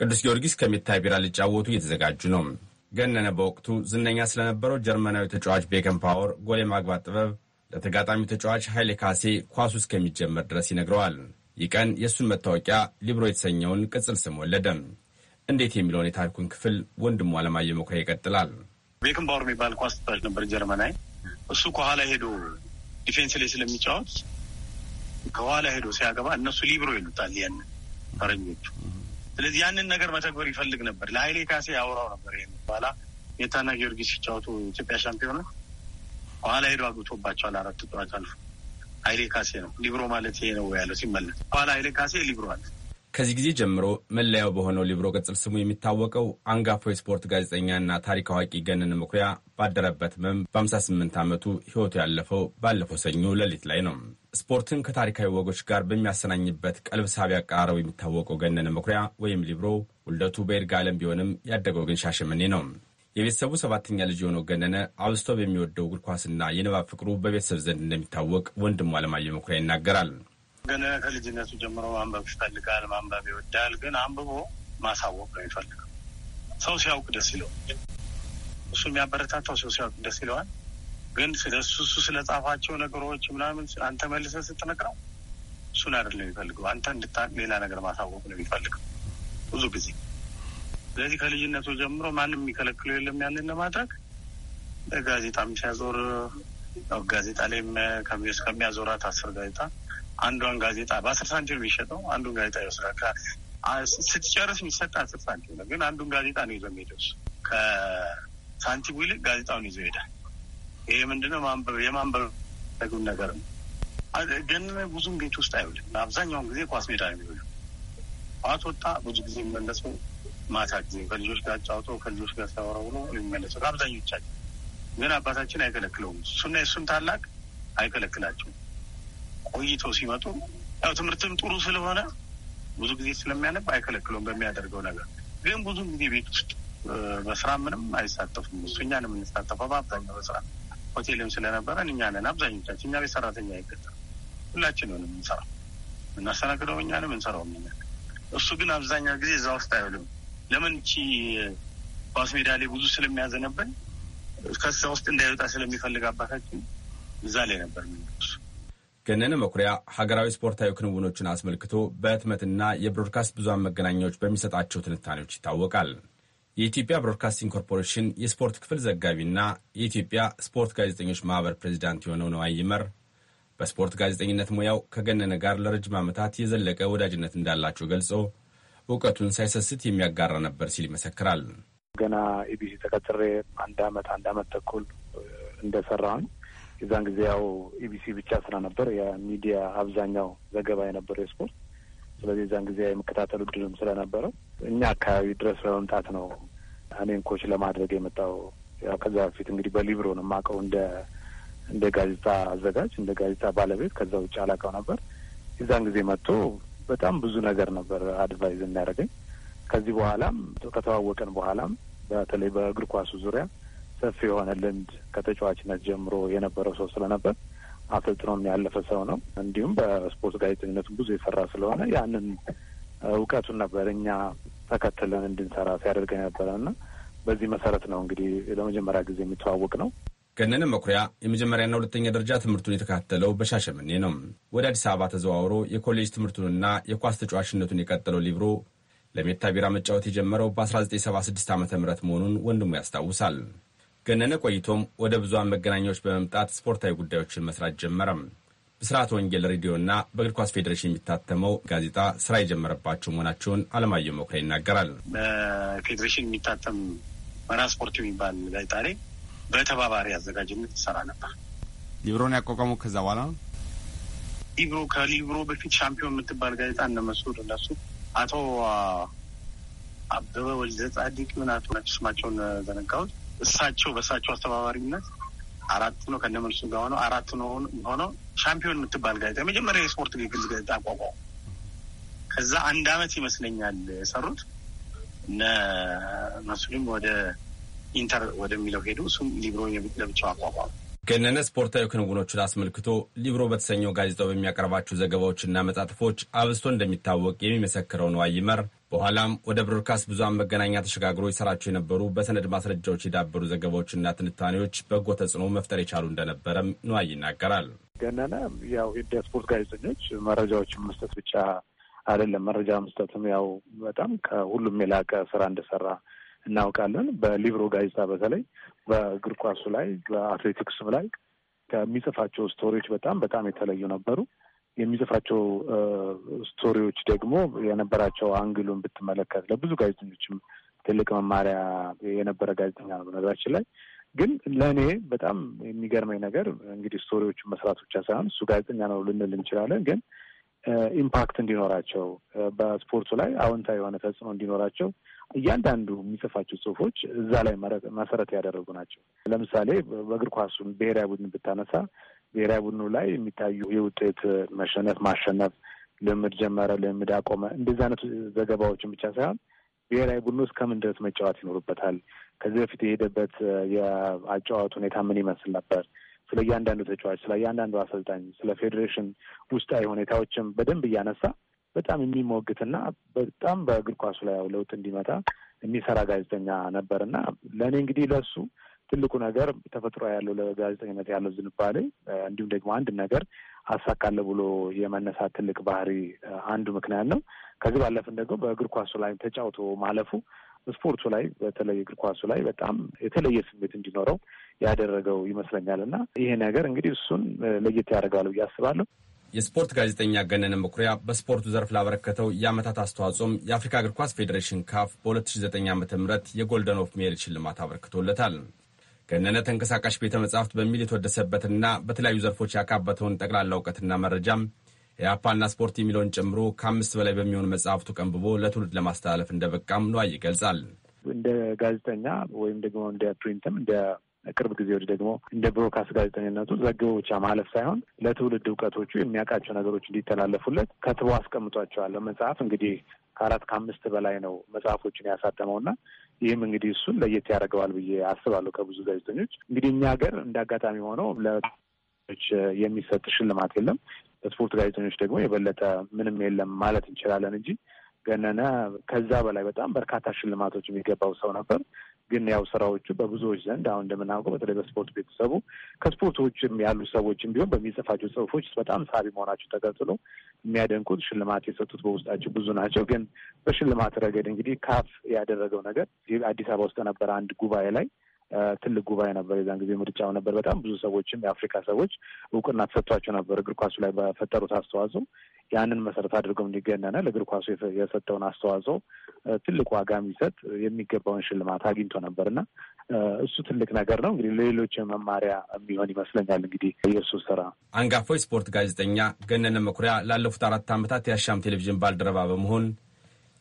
ቅዱስ ጊዮርጊስ ከሜታ ቢራ ሊጫወቱ እየተዘጋጁ ነው። ገነነ በወቅቱ ዝነኛ ስለነበረው ጀርመናዊ ተጫዋች ቤከን ፓወር ጎል የማግባት ጥበብ ለተጋጣሚው ተጫዋች ኃይሌ ካሴ ኳሱ እስከሚጀመር ድረስ ይነግረዋል። ይህ ቀን የእሱን መታወቂያ ሊብሮ የተሰኘውን ቅጽል ስም ወለደም። እንዴት የሚለውን የታሪኩን ክፍል ወንድሙ አለማየ መኩሪያ ይቀጥላል። ቤክንባወር የሚባል ኳስ ተጫዋች ነበር ጀርመናዊ። እሱ ከኋላ ሄዶ ዲፌንስ ላይ ስለሚጫወት ከኋላ ሄዶ ሲያገባ እነሱ ሊብሮ ይሉታል ያንን ፈረኞቹ። ስለዚህ ያንን ነገር መተግበር ይፈልግ ነበር። ለሀይሌ ካሴ አውራው ነበር። ይሄ በኋላ ጌታና ጊዮርጊስ ሲጫወቱ ኢትዮጵያ ሻምፒዮና ከኋላ ሄዶ አግብቶባቸዋል። አራት ጥሯት አልፎ ሀይሌ ካሴ ነው ሊብሮ ማለት ይሄ ነው ያለው ሲመለስ፣ ከኋላ ሀይሌ ካሴ ሊብሮ አለ ከዚህ ጊዜ ጀምሮ መለያው በሆነው ሊብሮ ቅጽል ስሙ የሚታወቀው አንጋፋው የስፖርት ጋዜጠኛና ታሪክ አዋቂ ገነነ መኩሪያ ባደረበት ህመም በ58 ዓመቱ ህይወቱ ያለፈው ባለፈው ሰኞ ሌሊት ላይ ነው። ስፖርትን ከታሪካዊ ወጎች ጋር በሚያሰናኝበት ቀልብ ሳቢ አቀራረቡ የሚታወቀው ገነነ መኩሪያ ወይም ሊብሮ ውልደቱ በይርጋለም ቢሆንም ያደገው ግን ሻሸመኔ ነው። የቤተሰቡ ሰባተኛ ልጅ የሆነው ገነነ አብዝቶ በሚወደው እግር ኳስና የንባብ ፍቅሩ በቤተሰብ ዘንድ እንደሚታወቅ ወንድሙ አለማየሁ መኩሪያ ይናገራል። ገና ከልጅነቱ ጀምሮ ማንበብ ይፈልጋል፣ ማንበብ ይወዳል። ግን አንብቦ ማሳወቅ ነው ይፈልገው። ሰው ሲያውቅ ደስ ይለዋል። እሱ የሚያበረታታው ሰው ሲያውቅ ደስ ይለዋል። ግን ስለ እሱ እሱ ስለጻፋቸው ነገሮች ምናምን አንተ መልሰ ስትነግረው እሱን አይደለም የሚፈልገው አንተ እንድታ ሌላ ነገር ማሳወቅ ነው የሚፈልገው ብዙ ጊዜ። ስለዚህ ከልጅነቱ ጀምሮ ማንም የሚከለክለው የለም ያንን ለማድረግ ጋዜጣም ሲያዞር ጋዜጣ ላይም ከሚያዞራት አስር ጋዜጣ አንዷን ጋዜጣ በአስር ሳንቲም የሚሸጠው አንዱን ጋዜጣ ይወስዳል። ስትጨርስ የሚሰጥ አስር ሳንቲም ነው፣ ግን አንዱን ጋዜጣ ነው ይዞ የሚሄደው። ከሳንቲሙ ይልቅ ጋዜጣውን ይዞ ይሄዳል። ይሄ ምንድነው? ማንበብ የማንበብ ጉን ነገር ነው። ገነነ ብዙም ቤት ውስጥ አይውልም። አብዛኛውን ጊዜ ኳስ ሜዳ ነው የሚውለው። ጠዋት ወጣ፣ ብዙ ጊዜ የሚመለሰው ማታ ጊዜ ከልጆች ጋር ጫውቶ ከልጆች ጋር ሲያወራ ብሎ የሚመለሰው። አብዛኞቻቸው ግን አባታችን አይከለክለውም። እሱና የእሱን ታላቅ አይከለክላቸውም። ቆይተው ሲመጡ ያው ትምህርትም ጥሩ ስለሆነ ብዙ ጊዜ ስለሚያነብ አይከለክለውም በሚያደርገው ነገር። ግን ብዙ ጊዜ ቤት ውስጥ በስራ ምንም አይሳተፉም። እሱ እኛን የምንሳተፈው በአብዛኛው በስራ ሆቴልም ስለነበረ እኛ ነን አብዛኞቻችን። እኛ ቤት ሰራተኛ አይገጠም፣ ሁላችን ሆን የምንሰራው የምናስተናግደው እኛንም እንሰራው ምን እሱ ግን አብዛኛው ጊዜ እዛ ውስጥ አይውልም። ለምን ቺ ኳስ ሜዳ ላይ ብዙ ስለሚያዘነበን ከዛ ውስጥ እንዳይወጣ ስለሚፈልግ አባታችን እዛ ላይ ነበር ምንሱ ገነነ መኩሪያ ሀገራዊ ስፖርታዊ ክንውኖችን አስመልክቶ በህትመትና የብሮድካስት ብዙሃን መገናኛዎች በሚሰጣቸው ትንታኔዎች ይታወቃል። የኢትዮጵያ ብሮድካስቲንግ ኮርፖሬሽን የስፖርት ክፍል ዘጋቢና የኢትዮጵያ ስፖርት ጋዜጠኞች ማህበር ፕሬዚዳንት የሆነው ነው አይመር በስፖርት ጋዜጠኝነት ሙያው ከገነነ ጋር ለረጅም ዓመታት የዘለቀ ወዳጅነት እንዳላቸው ገልጾ እውቀቱን ሳይሰስት የሚያጋራ ነበር ሲል ይመሰክራል። ገና ኢቢሲ ተቀጥሬ አንድ አመት አንድ አመት ተኩል እንደሰራሁኝ የዛን ጊዜ ያው ኢቢሲ ብቻ ስለነበር የሚዲያ አብዛኛው ዘገባ የነበረው የስፖርት ስለዚህ የዛን ጊዜ የመከታተሉ ድልም ስለነበረው እኛ አካባቢ ድረስ በመምጣት ነው እኔን ኮች ለማድረግ የመጣው። ያው ከዛ በፊት እንግዲህ በሊብሮ ነው የማውቀው እንደ እንደ ጋዜጣ አዘጋጅ እንደ ጋዜጣ ባለቤት፣ ከዛ ውጭ አላውቀው ነበር። የዛን ጊዜ መጥቶ በጣም ብዙ ነገር ነበር አድቫይዝ የሚያደርገኝ። ከዚህ በኋላም ከተዋወቀን በኋላም በተለይ በእግር ኳሱ ዙሪያ ሰፊ የሆነ ልምድ ከተጫዋችነት ጀምሮ የነበረው ሰው ስለነበር አሰልጥኖም ያለፈ ሰው ነው። እንዲሁም በስፖርት ጋዜጠኝነቱ ብዙ የሰራ ስለሆነ ያንን እውቀቱን ነበር እኛ ተከትለን እንድንሰራ ሲያደርገን ነበረ እና በዚህ መሰረት ነው እንግዲህ ለመጀመሪያ ጊዜ የሚተዋወቅ ነው። ገነነ መኩሪያ የመጀመሪያና ሁለተኛ ደረጃ ትምህርቱን የተከታተለው በሻሸመኔ ነው። ወደ አዲስ አበባ ተዘዋውሮ የኮሌጅ ትምህርቱንና የኳስ ተጫዋችነቱን የቀጠለው ሊብሮ ለሜታ ቢራ መጫወት የጀመረው በ1976 ዓ ም መሆኑን ወንድሙ ያስታውሳል። ገነነ ቆይቶም ወደ ብዙሃን መገናኛዎች በመምጣት ስፖርታዊ ጉዳዮችን መስራት ጀመረም። በስርዓት ወንጌል ሬዲዮና በእግር ኳስ ፌዴሬሽን የሚታተመው ጋዜጣ ስራ የጀመረባቸው መሆናቸውን አለማየሁ መኩሪያ ይናገራል። በፌዴሬሽን የሚታተም መራ ስፖርት የሚባል ጋዜጣ ላይ በተባባሪ አዘጋጅነት ይሰራ ነበር። ሊብሮን ያቋቋሙ ከዛ በኋላ ነው። ሊብሮ ከሊብሮ በፊት ሻምፒዮን የምትባል ጋዜጣ እነመስሉ እነሱ አቶ አበበ ወልደ ጻዲቅ ምን አቶ ናቸው ስማቸውን ዘነጋሁት እሳቸው በእሳቸው አስተባባሪነት አራት ነው ከነመልሱ ጋር ሆነው አራት ነው ሆነው ሻምፒዮን የምትባል ጋዜጣ የመጀመሪያ የስፖርት ግግዝ ጋዜጣ አቋቋሙ። ከዛ አንድ አመት ይመስለኛል የሰሩት እነ መስሉም ወደ ኢንተር ወደሚለው ሄዱ። እሱም ሊብሮ ለብቻው አቋቋሙ። ገነነ ስፖርታዊ ክንውኖቹን አስመልክቶ ሊብሮ በተሰኘው ጋዜጣው በሚያቀርባቸው ዘገባዎችና መጣጥፎች አብስቶ እንደሚታወቅ የሚመሰክረው ነው አይመር በኋላም ወደ ብሮድካስት ብዙሃን መገናኛ ተሸጋግሮ ይሰራቸው የነበሩ በሰነድ ማስረጃዎች የዳበሩ ዘገባዎችና ትንታኔዎች በጎ ተጽዕኖ መፍጠር የቻሉ እንደነበረም ነዋይ ይናገራል። ገነነ ያው ስፖርት ጋዜጠኞች መረጃዎችን መስጠት ብቻ አይደለም፣ መረጃ መስጠትም ያው በጣም ከሁሉም የላቀ ስራ እንደሰራ እናውቃለን። በሊብሮ ጋዜጣ በተለይ በእግር ኳሱ ላይ በአትሌቲክስም ላይ ከሚጽፋቸው ስቶሪዎች በጣም በጣም የተለዩ ነበሩ። የሚጽፋቸው ስቶሪዎች ደግሞ የነበራቸው አንግሉን ብትመለከት ለብዙ ጋዜጠኞችም ትልቅ መማሪያ የነበረ ጋዜጠኛ ነው። በነገራችን ላይ ግን ለእኔ በጣም የሚገርመኝ ነገር እንግዲህ ስቶሪዎቹን መስራት ብቻ ሳይሆን እሱ ጋዜጠኛ ነው ልንል እንችላለን፣ ግን ኢምፓክት እንዲኖራቸው በስፖርቱ ላይ አዎንታዊ የሆነ ተጽዕኖ እንዲኖራቸው እያንዳንዱ የሚጽፋቸው ጽሁፎች እዛ ላይ መሰረት ያደረጉ ናቸው። ለምሳሌ በእግር ኳሱ ብሔራዊ ቡድን ብታነሳ ብሔራዊ ቡድኑ ላይ የሚታዩ የውጤት መሸነፍ፣ ማሸነፍ፣ ልምድ ጀመረ፣ ልምድ አቆመ፣ እንደዚህ አይነት ዘገባዎችን ብቻ ሳይሆን ብሔራዊ ቡድኑ እስከምን ድረስ መጫወት ይኖርበታል፣ ከዚህ በፊት የሄደበት የአጫዋት ሁኔታ ምን ይመስል ነበር፣ ስለ እያንዳንዱ ተጫዋች፣ ስለ እያንዳንዱ አሰልጣኝ፣ ስለ ፌዴሬሽን ውስጣዊ ሁኔታዎችም በደንብ እያነሳ በጣም የሚሞግትና በጣም በእግር ኳሱ ላይ ለውጥ እንዲመጣ የሚሰራ ጋዜጠኛ ነበር እና ለእኔ እንግዲህ ለሱ ትልቁ ነገር ተፈጥሮ ያለው ለጋዜጠኝነት ያለው ዝንባሌ እንዲሁም ደግሞ አንድ ነገር አሳካለ ብሎ የመነሳት ትልቅ ባህሪ አንዱ ምክንያት ነው። ከዚህ ባለፍን ደግሞ በእግር ኳሱ ላይ ተጫውቶ ማለፉ ስፖርቱ ላይ በተለይ እግር ኳሱ ላይ በጣም የተለየ ስሜት እንዲኖረው ያደረገው ይመስለኛል እና ይሄ ነገር እንግዲህ እሱን ለየት ያደርገዋል ብዬ አስባለሁ። የስፖርት ጋዜጠኛ ገነነ መኩሪያ በስፖርቱ ዘርፍ ላበረከተው የዓመታት አስተዋጽኦም የአፍሪካ እግር ኳስ ፌዴሬሽን ካፍ በ2009 ዓ ም የጎልደን ኦፍ ሜሪት ሽልማት አበርክቶለታል። ገነነ ተንቀሳቃሽ ቤተ መጻሕፍት በሚል የተወደሰበትና በተለያዩ ዘርፎች ያካበተውን ጠቅላላ እውቀትና መረጃም የአፓና ስፖርት የሚለውን ጨምሮ ከአምስት በላይ በሚሆኑ መጽሐፍቱ ቀንብቦ ለትውልድ ለማስተላለፍ እንደበቃም ነዋይ ይገልጻል። እንደ ጋዜጠኛ ወይም ደግሞ እንደ ፕሪንትም እንደ ቅርብ ጊዜ ወዲህ ደግሞ እንደ ብሮድካስት ጋዜጠኝነቱ ዘግቦ ብቻ ማለፍ ሳይሆን ለትውልድ እውቀቶቹ የሚያውቃቸው ነገሮች እንዲተላለፉለት ከትቦ አስቀምጧቸዋል። መጽሐፍ እንግዲህ ከአራት ከአምስት በላይ ነው መጽሐፎችን እና ይህም እንግዲህ እሱን ለየት ያደርገዋል ብዬ አስባለሁ ከብዙ ጋዜጠኞች። እንግዲህ እኛ ሀገር እንደ አጋጣሚ ሆነው ለች የሚሰጥ ሽልማት የለም። ለስፖርት ጋዜጠኞች ደግሞ የበለጠ ምንም የለም ማለት እንችላለን እንጂ ገነነ ከዛ በላይ በጣም በርካታ ሽልማቶች የሚገባው ሰው ነበር። ግን ያው ስራዎቹ በብዙዎች ዘንድ አሁን እንደምናውቀው በተለይ በስፖርት ቤተሰቡ ውጭም ያሉ ሰዎችም ቢሆን በሚጽፋቸው ጽሁፎች በጣም ሳቢ መሆናቸው ተቀጥሎ የሚያደንቁት ሽልማት የሰጡት በውስጣቸው ብዙ ናቸው። ግን በሽልማት ረገድ እንግዲህ ካፍ ያደረገው ነገር አዲስ አበባ ውስጥ ነበረ አንድ ጉባኤ ላይ ትልቅ ጉባኤ ነበር። የዛን ጊዜ ምርጫው ነበር። በጣም ብዙ ሰዎችም የአፍሪካ ሰዎች እውቅና ተሰጥቷቸው ነበር እግር ኳሱ ላይ በፈጠሩት አስተዋጽኦ። ያንን መሰረት አድርገው እንዲገነነ ለእግር ኳሱ የሰጠውን አስተዋጽኦ ትልቅ ዋጋ የሚሰጥ የሚገባውን ሽልማት አግኝቶ ነበር እና እሱ ትልቅ ነገር ነው። እንግዲህ ለሌሎች መማሪያ የሚሆን ይመስለኛል። እንግዲህ የእሱ ስራ። አንጋፎ ስፖርት ጋዜጠኛ ገነነ መኩሪያ ላለፉት አራት ዓመታት የአሻም ቴሌቪዥን ባልደረባ በመሆን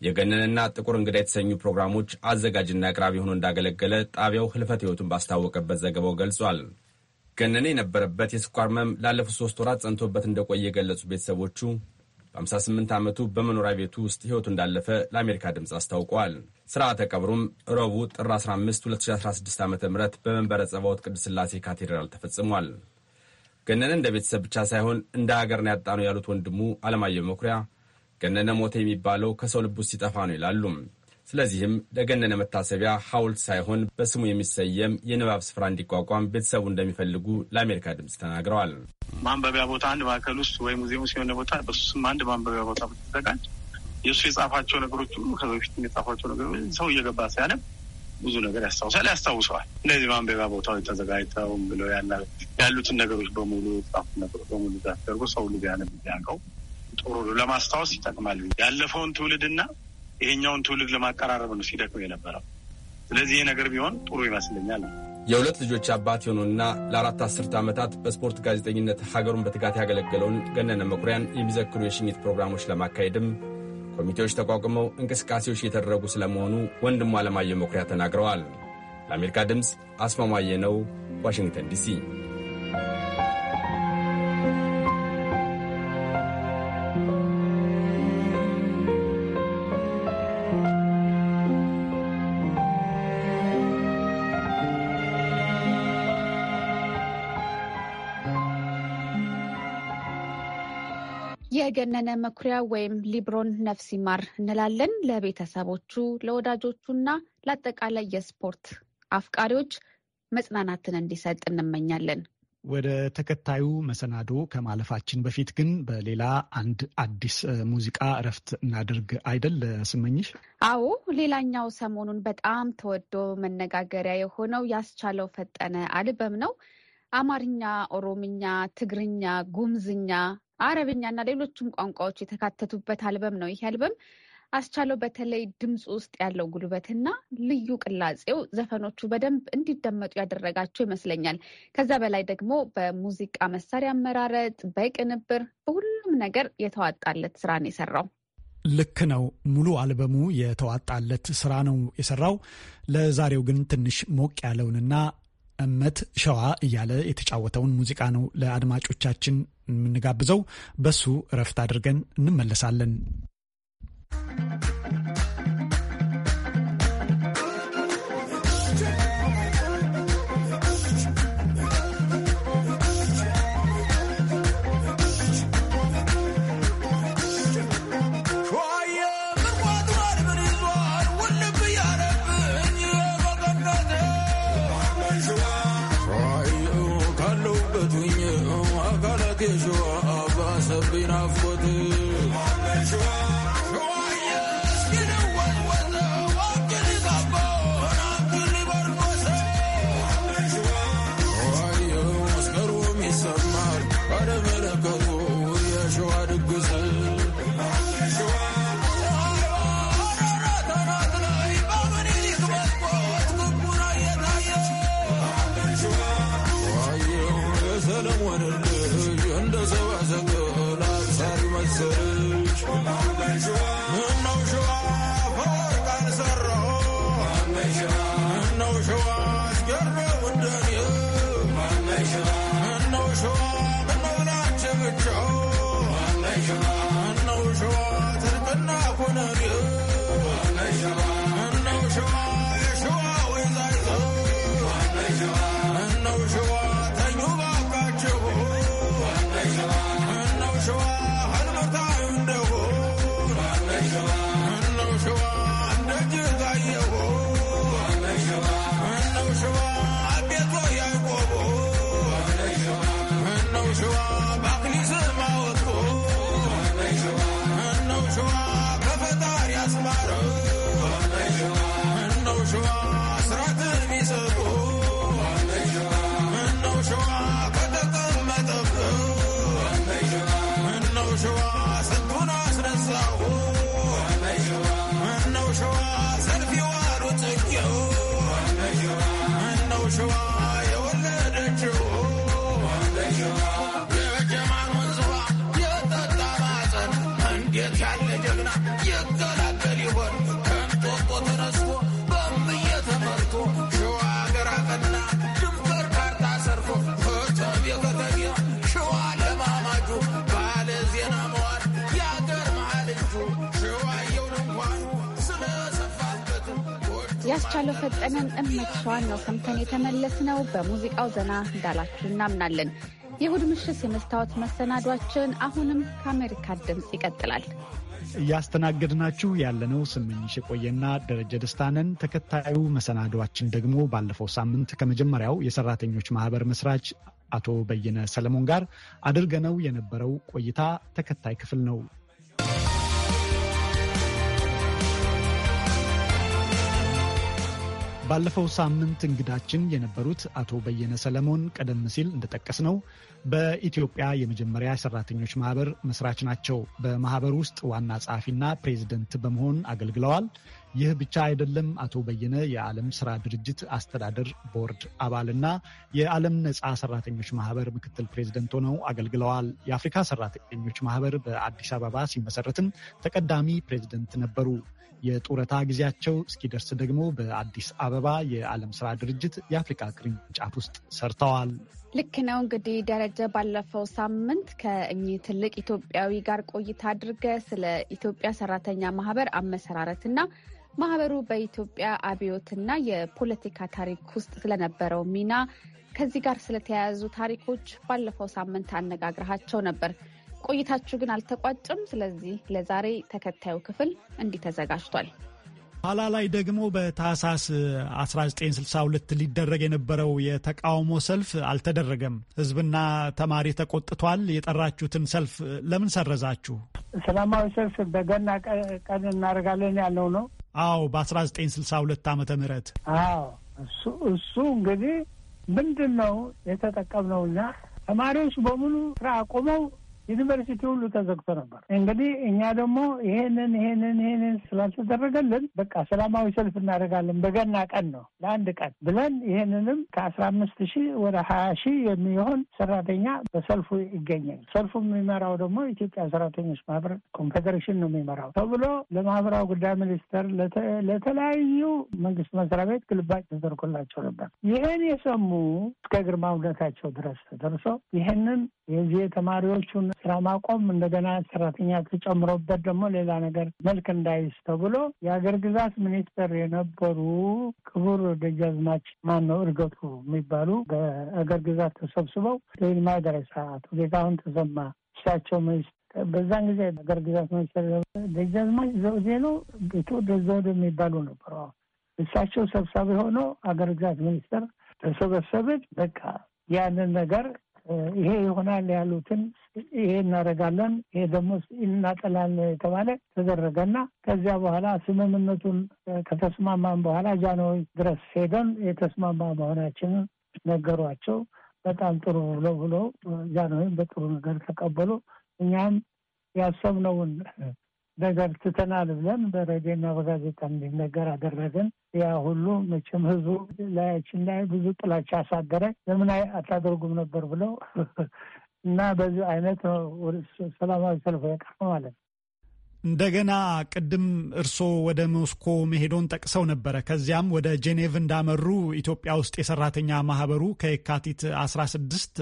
የገነንና ጥቁር እንግዳ የተሰኙ ፕሮግራሞች አዘጋጅና አቅራቢ ሆኖ እንዳገለገለ ጣቢያው ህልፈት ህይወቱን ባስታወቀበት ዘገባው ገልጿል። ገነነ የነበረበት የስኳር ህመም ላለፉት ሶስት ወራት ጸንቶበት እንደቆየ የገለጹ ቤተሰቦቹ በ58 ዓመቱ በመኖሪያ ቤቱ ውስጥ ህይወቱ እንዳለፈ ለአሜሪካ ድምፅ አስታውቋል። ስርዓተ ቀብሩም ረቡ ጥር 15 2016 ዓ ም በመንበረ ጸባዖት ቅድስት ስላሴ ካቴድራል ተፈጽሟል። ገነነ እንደ ቤተሰብ ብቻ ሳይሆን እንደ ሀገር ነው ያጣነው ያሉት ወንድሙ አለማየሁ መኩሪያ ገነነ ሞተ የሚባለው ከሰው ልብ ውስጥ ሲጠፋ ነው ይላሉ። ስለዚህም ለገነነ መታሰቢያ ሐውልት ሳይሆን በስሙ የሚሰየም የንባብ ስፍራ እንዲቋቋም ቤተሰቡ እንደሚፈልጉ ለአሜሪካ ድምፅ ተናግረዋል። ማንበቢያ ቦታ አንድ ማዕከል ውስጥ ወይ ሙዚየም ሲሆን ቦታ በሱስም አንድ ማንበቢያ ቦታ ብትዘጋጅ የእሱ የጻፋቸው ነገሮች ሁሉ ከዚ በፊት የጻፋቸው ነገሮች ሰው እየገባ ሲያነብ ብዙ ነገር ያስታውሳል፣ ያስታውሰዋል። እነዚህ ማንበቢያ ቦታዎች ተዘጋጅተው ብለው ያሉትን ነገሮች በሙሉ ጻፉ ነገሮች በሙሉ ተደርጎ ሰው ልጅ ያነብ ያውቀው ጥሩ ለማስታወስ ይጠቅማል። ያለፈውን ትውልድና ይሄኛውን ትውልድ ለማቀራረብ ነው ሲደክም የነበረው። ስለዚህ ይሄ ነገር ቢሆን ጥሩ ይመስለኛል። የሁለት ልጆች አባት የሆኑና ለአራት አስርት ዓመታት በስፖርት ጋዜጠኝነት ሀገሩን በትጋት ያገለገለውን ገነነ መኩሪያን የሚዘክሩ የሽኝት ፕሮግራሞች ለማካሄድም ኮሚቴዎች ተቋቁመው እንቅስቃሴዎች እየተደረጉ ስለመሆኑ ወንድሙ አለማየሁ መኩሪያ ተናግረዋል። ለአሜሪካ ድምፅ አስማማየ ነው፣ ዋሽንግተን ዲሲ የገነነ መኩሪያ ወይም ሊብሮን ነፍስ ይማር እንላለን። ለቤተሰቦቹ ለወዳጆቹና ለአጠቃላይ የስፖርት አፍቃሪዎች መጽናናትን እንዲሰጥ እንመኛለን። ወደ ተከታዩ መሰናዶ ከማለፋችን በፊት ግን በሌላ አንድ አዲስ ሙዚቃ እረፍት እናድርግ አይደል ስመኝሽ? አዎ፣ ሌላኛው ሰሞኑን በጣም ተወዶ መነጋገሪያ የሆነው ያስቻለው ፈጠነ አልበም ነው። አማርኛ፣ ኦሮምኛ፣ ትግርኛ፣ ጉምዝኛ አረብኛና ሌሎችም ቋንቋዎች የተካተቱበት አልበም ነው። ይህ አልበም አስቻለው በተለይ ድምፅ ውስጥ ያለው ጉልበትና ልዩ ቅላጼው ዘፈኖቹ በደንብ እንዲደመጡ ያደረጋቸው ይመስለኛል። ከዛ በላይ ደግሞ በሙዚቃ መሳሪያ አመራረጥ፣ በቅንብር፣ በሁሉም ነገር የተዋጣለት ስራ ነው የሰራው። ልክ ነው። ሙሉ አልበሙ የተዋጣለት ስራ ነው የሰራው። ለዛሬው ግን ትንሽ ሞቅ ያለውንና እመት ሸዋ እያለ የተጫወተውን ሙዚቃ ነው ለአድማጮቻችን የምንጋብዘው። በሱ እረፍት አድርገን እንመለሳለን። እንዳስቻለው ፈጠነን እመችዋን ነው ሰምተን የተመለስነው። በሙዚቃው ዘና እንዳላችሁ እናምናለን። የእሁድ ምሽት የመስታወት መሰናዷችን አሁንም ከአሜሪካ ድምፅ ይቀጥላል። እያስተናገድናችሁ ያለነው ስምኝሽ የቆየና ደረጀ ደስታንን። ተከታዩ መሰናዷችን ደግሞ ባለፈው ሳምንት ከመጀመሪያው የሰራተኞች ማህበር መስራች አቶ በየነ ሰለሞን ጋር አድርገነው የነበረው ቆይታ ተከታይ ክፍል ነው። ባለፈው ሳምንት እንግዳችን የነበሩት አቶ በየነ ሰለሞን ቀደም ሲል እንደጠቀስነው በኢትዮጵያ የመጀመሪያ ሰራተኞች ማህበር መስራች ናቸው። በማህበር ውስጥ ዋና ጸሐፊና ፕሬዚደንት በመሆን አገልግለዋል። ይህ ብቻ አይደለም። አቶ በየነ የዓለም ስራ ድርጅት አስተዳደር ቦርድ አባልና የዓለም ነፃ ሰራተኞች ማህበር ምክትል ፕሬዚደንት ሆነው አገልግለዋል። የአፍሪካ ሰራተኞች ማህበር በአዲስ አበባ ሲመሰረትም ተቀዳሚ ፕሬዚደንት ነበሩ። የጡረታ ጊዜያቸው እስኪደርስ ደግሞ በአዲስ አበባ የዓለም ስራ ድርጅት የአፍሪካ ቅርንጫፍ ውስጥ ሰርተዋል። ልክ ነው እንግዲህ ደረጀ፣ ባለፈው ሳምንት ከእኚህ ትልቅ ኢትዮጵያዊ ጋር ቆይታ አድርገ ስለ ኢትዮጵያ ሰራተኛ ማህበር አመሰራረትና ማህበሩ በኢትዮጵያ አብዮትና የፖለቲካ ታሪክ ውስጥ ስለነበረው ሚና ከዚህ ጋር ስለተያያዙ ታሪኮች ባለፈው ሳምንት አነጋግረሃቸው ነበር። ቆይታችሁ ግን አልተቋጭም። ስለዚህ ለዛሬ ተከታዩ ክፍል እንዲህ ተዘጋጅቷል። ኋላ ላይ ደግሞ በታህሳስ 1962 ሊደረግ የነበረው የተቃውሞ ሰልፍ አልተደረገም። ህዝብና ተማሪ ተቆጥቷል። የጠራችሁትን ሰልፍ ለምን ሰረዛችሁ? ሰላማዊ ሰልፍ በገና ቀን እናደርጋለን ያለው ነው። አዎ፣ በ1962 ዓመተ ምህረት አዎ። እሱ እንግዲህ ምንድን ነው የተጠቀምነው እኛ ተማሪዎች በሙሉ ስራ አቁመው ዩኒቨርሲቲ ሁሉ ተዘግቶ ነበር። እንግዲህ እኛ ደግሞ ይሄንን ይሄንን ይሄንን ስላልተደረገልን በቃ ሰላማዊ ሰልፍ እናደርጋለን በገና ቀን ነው ለአንድ ቀን ብለን ይሄንንም ከአስራ አምስት ሺህ ወደ ሀያ ሺህ የሚሆን ሰራተኛ በሰልፉ ይገኛል። ሰልፉ የሚመራው ደግሞ ኢትዮጵያ ሰራተኞች ማህበር ኮንፌዴሬሽን ነው የሚመራው ተብሎ ለማህበራዊ ጉዳይ ሚኒስቴር ለተለያዩ መንግስት መስሪያ ቤት ግልባጭ ተደርጎላቸው ነበር። ይህን የሰሙ እስከ ግርማ እውነታቸው ድረስ ተደርሶ ይህንን የዚህ የተማሪዎቹን ስራ ማቆም እንደገና ሰራተኛ ተጨምሮበት ደግሞ ሌላ ነገር መልክ እንዳይዝ ተብሎ የሀገር ግዛት ሚኒስትር የነበሩ ክቡር ደጃዝማች ማን ነው እርገቱ የሚባሉ በአገር ግዛት ተሰብስበው ይልማ ደረሳ፣ አቶ ጌታሁን ተሰማ እሳቸው በዛን ጊዜ አገር ግዛት ሚኒስትር ደጃዝማች ዘውዴ ነው ትውደ ዘውዴ የሚባሉ ነበሩ። እሳቸው ሰብሳቢ ሆኖ አገር ግዛት ሚኒስትር ተሰበሰብን። በቃ ያንን ነገር ይሄ ይሆናል ያሉትን ይሄ እናደርጋለን፣ ይሄ ደግሞ እናጠላለን የተባለ ተደረገ እና ከዚያ በኋላ ስምምነቱን ከተስማማን በኋላ ጃንሆይ ድረስ ሄደን የተስማማ መሆናችንን ነገሯቸው። በጣም ጥሩ ብሎ ብሎ ጃንሆይም በጥሩ ነገር ተቀበሉ። እኛም ያሰብነውን ነገር ትተናል ብለን በሬዲዮና በጋዜጣ እንዲነገር አደረግን። ያ ሁሉ መቼም ህዝቡ ላያችን ላይ ብዙ ጥላቻ አሳደረ። ለምን አታደርጉም ነበር ብለው እና በዚህ አይነት ሰላማዊ ሰልፍ የቀረ ማለት ነው። እንደገና ቅድም እርስዎ ወደ ሞስኮ መሄዶን ጠቅሰው ነበረ። ከዚያም ወደ ጄኔቭ እንዳመሩ ኢትዮጵያ ውስጥ የሰራተኛ ማህበሩ ከየካቲት 16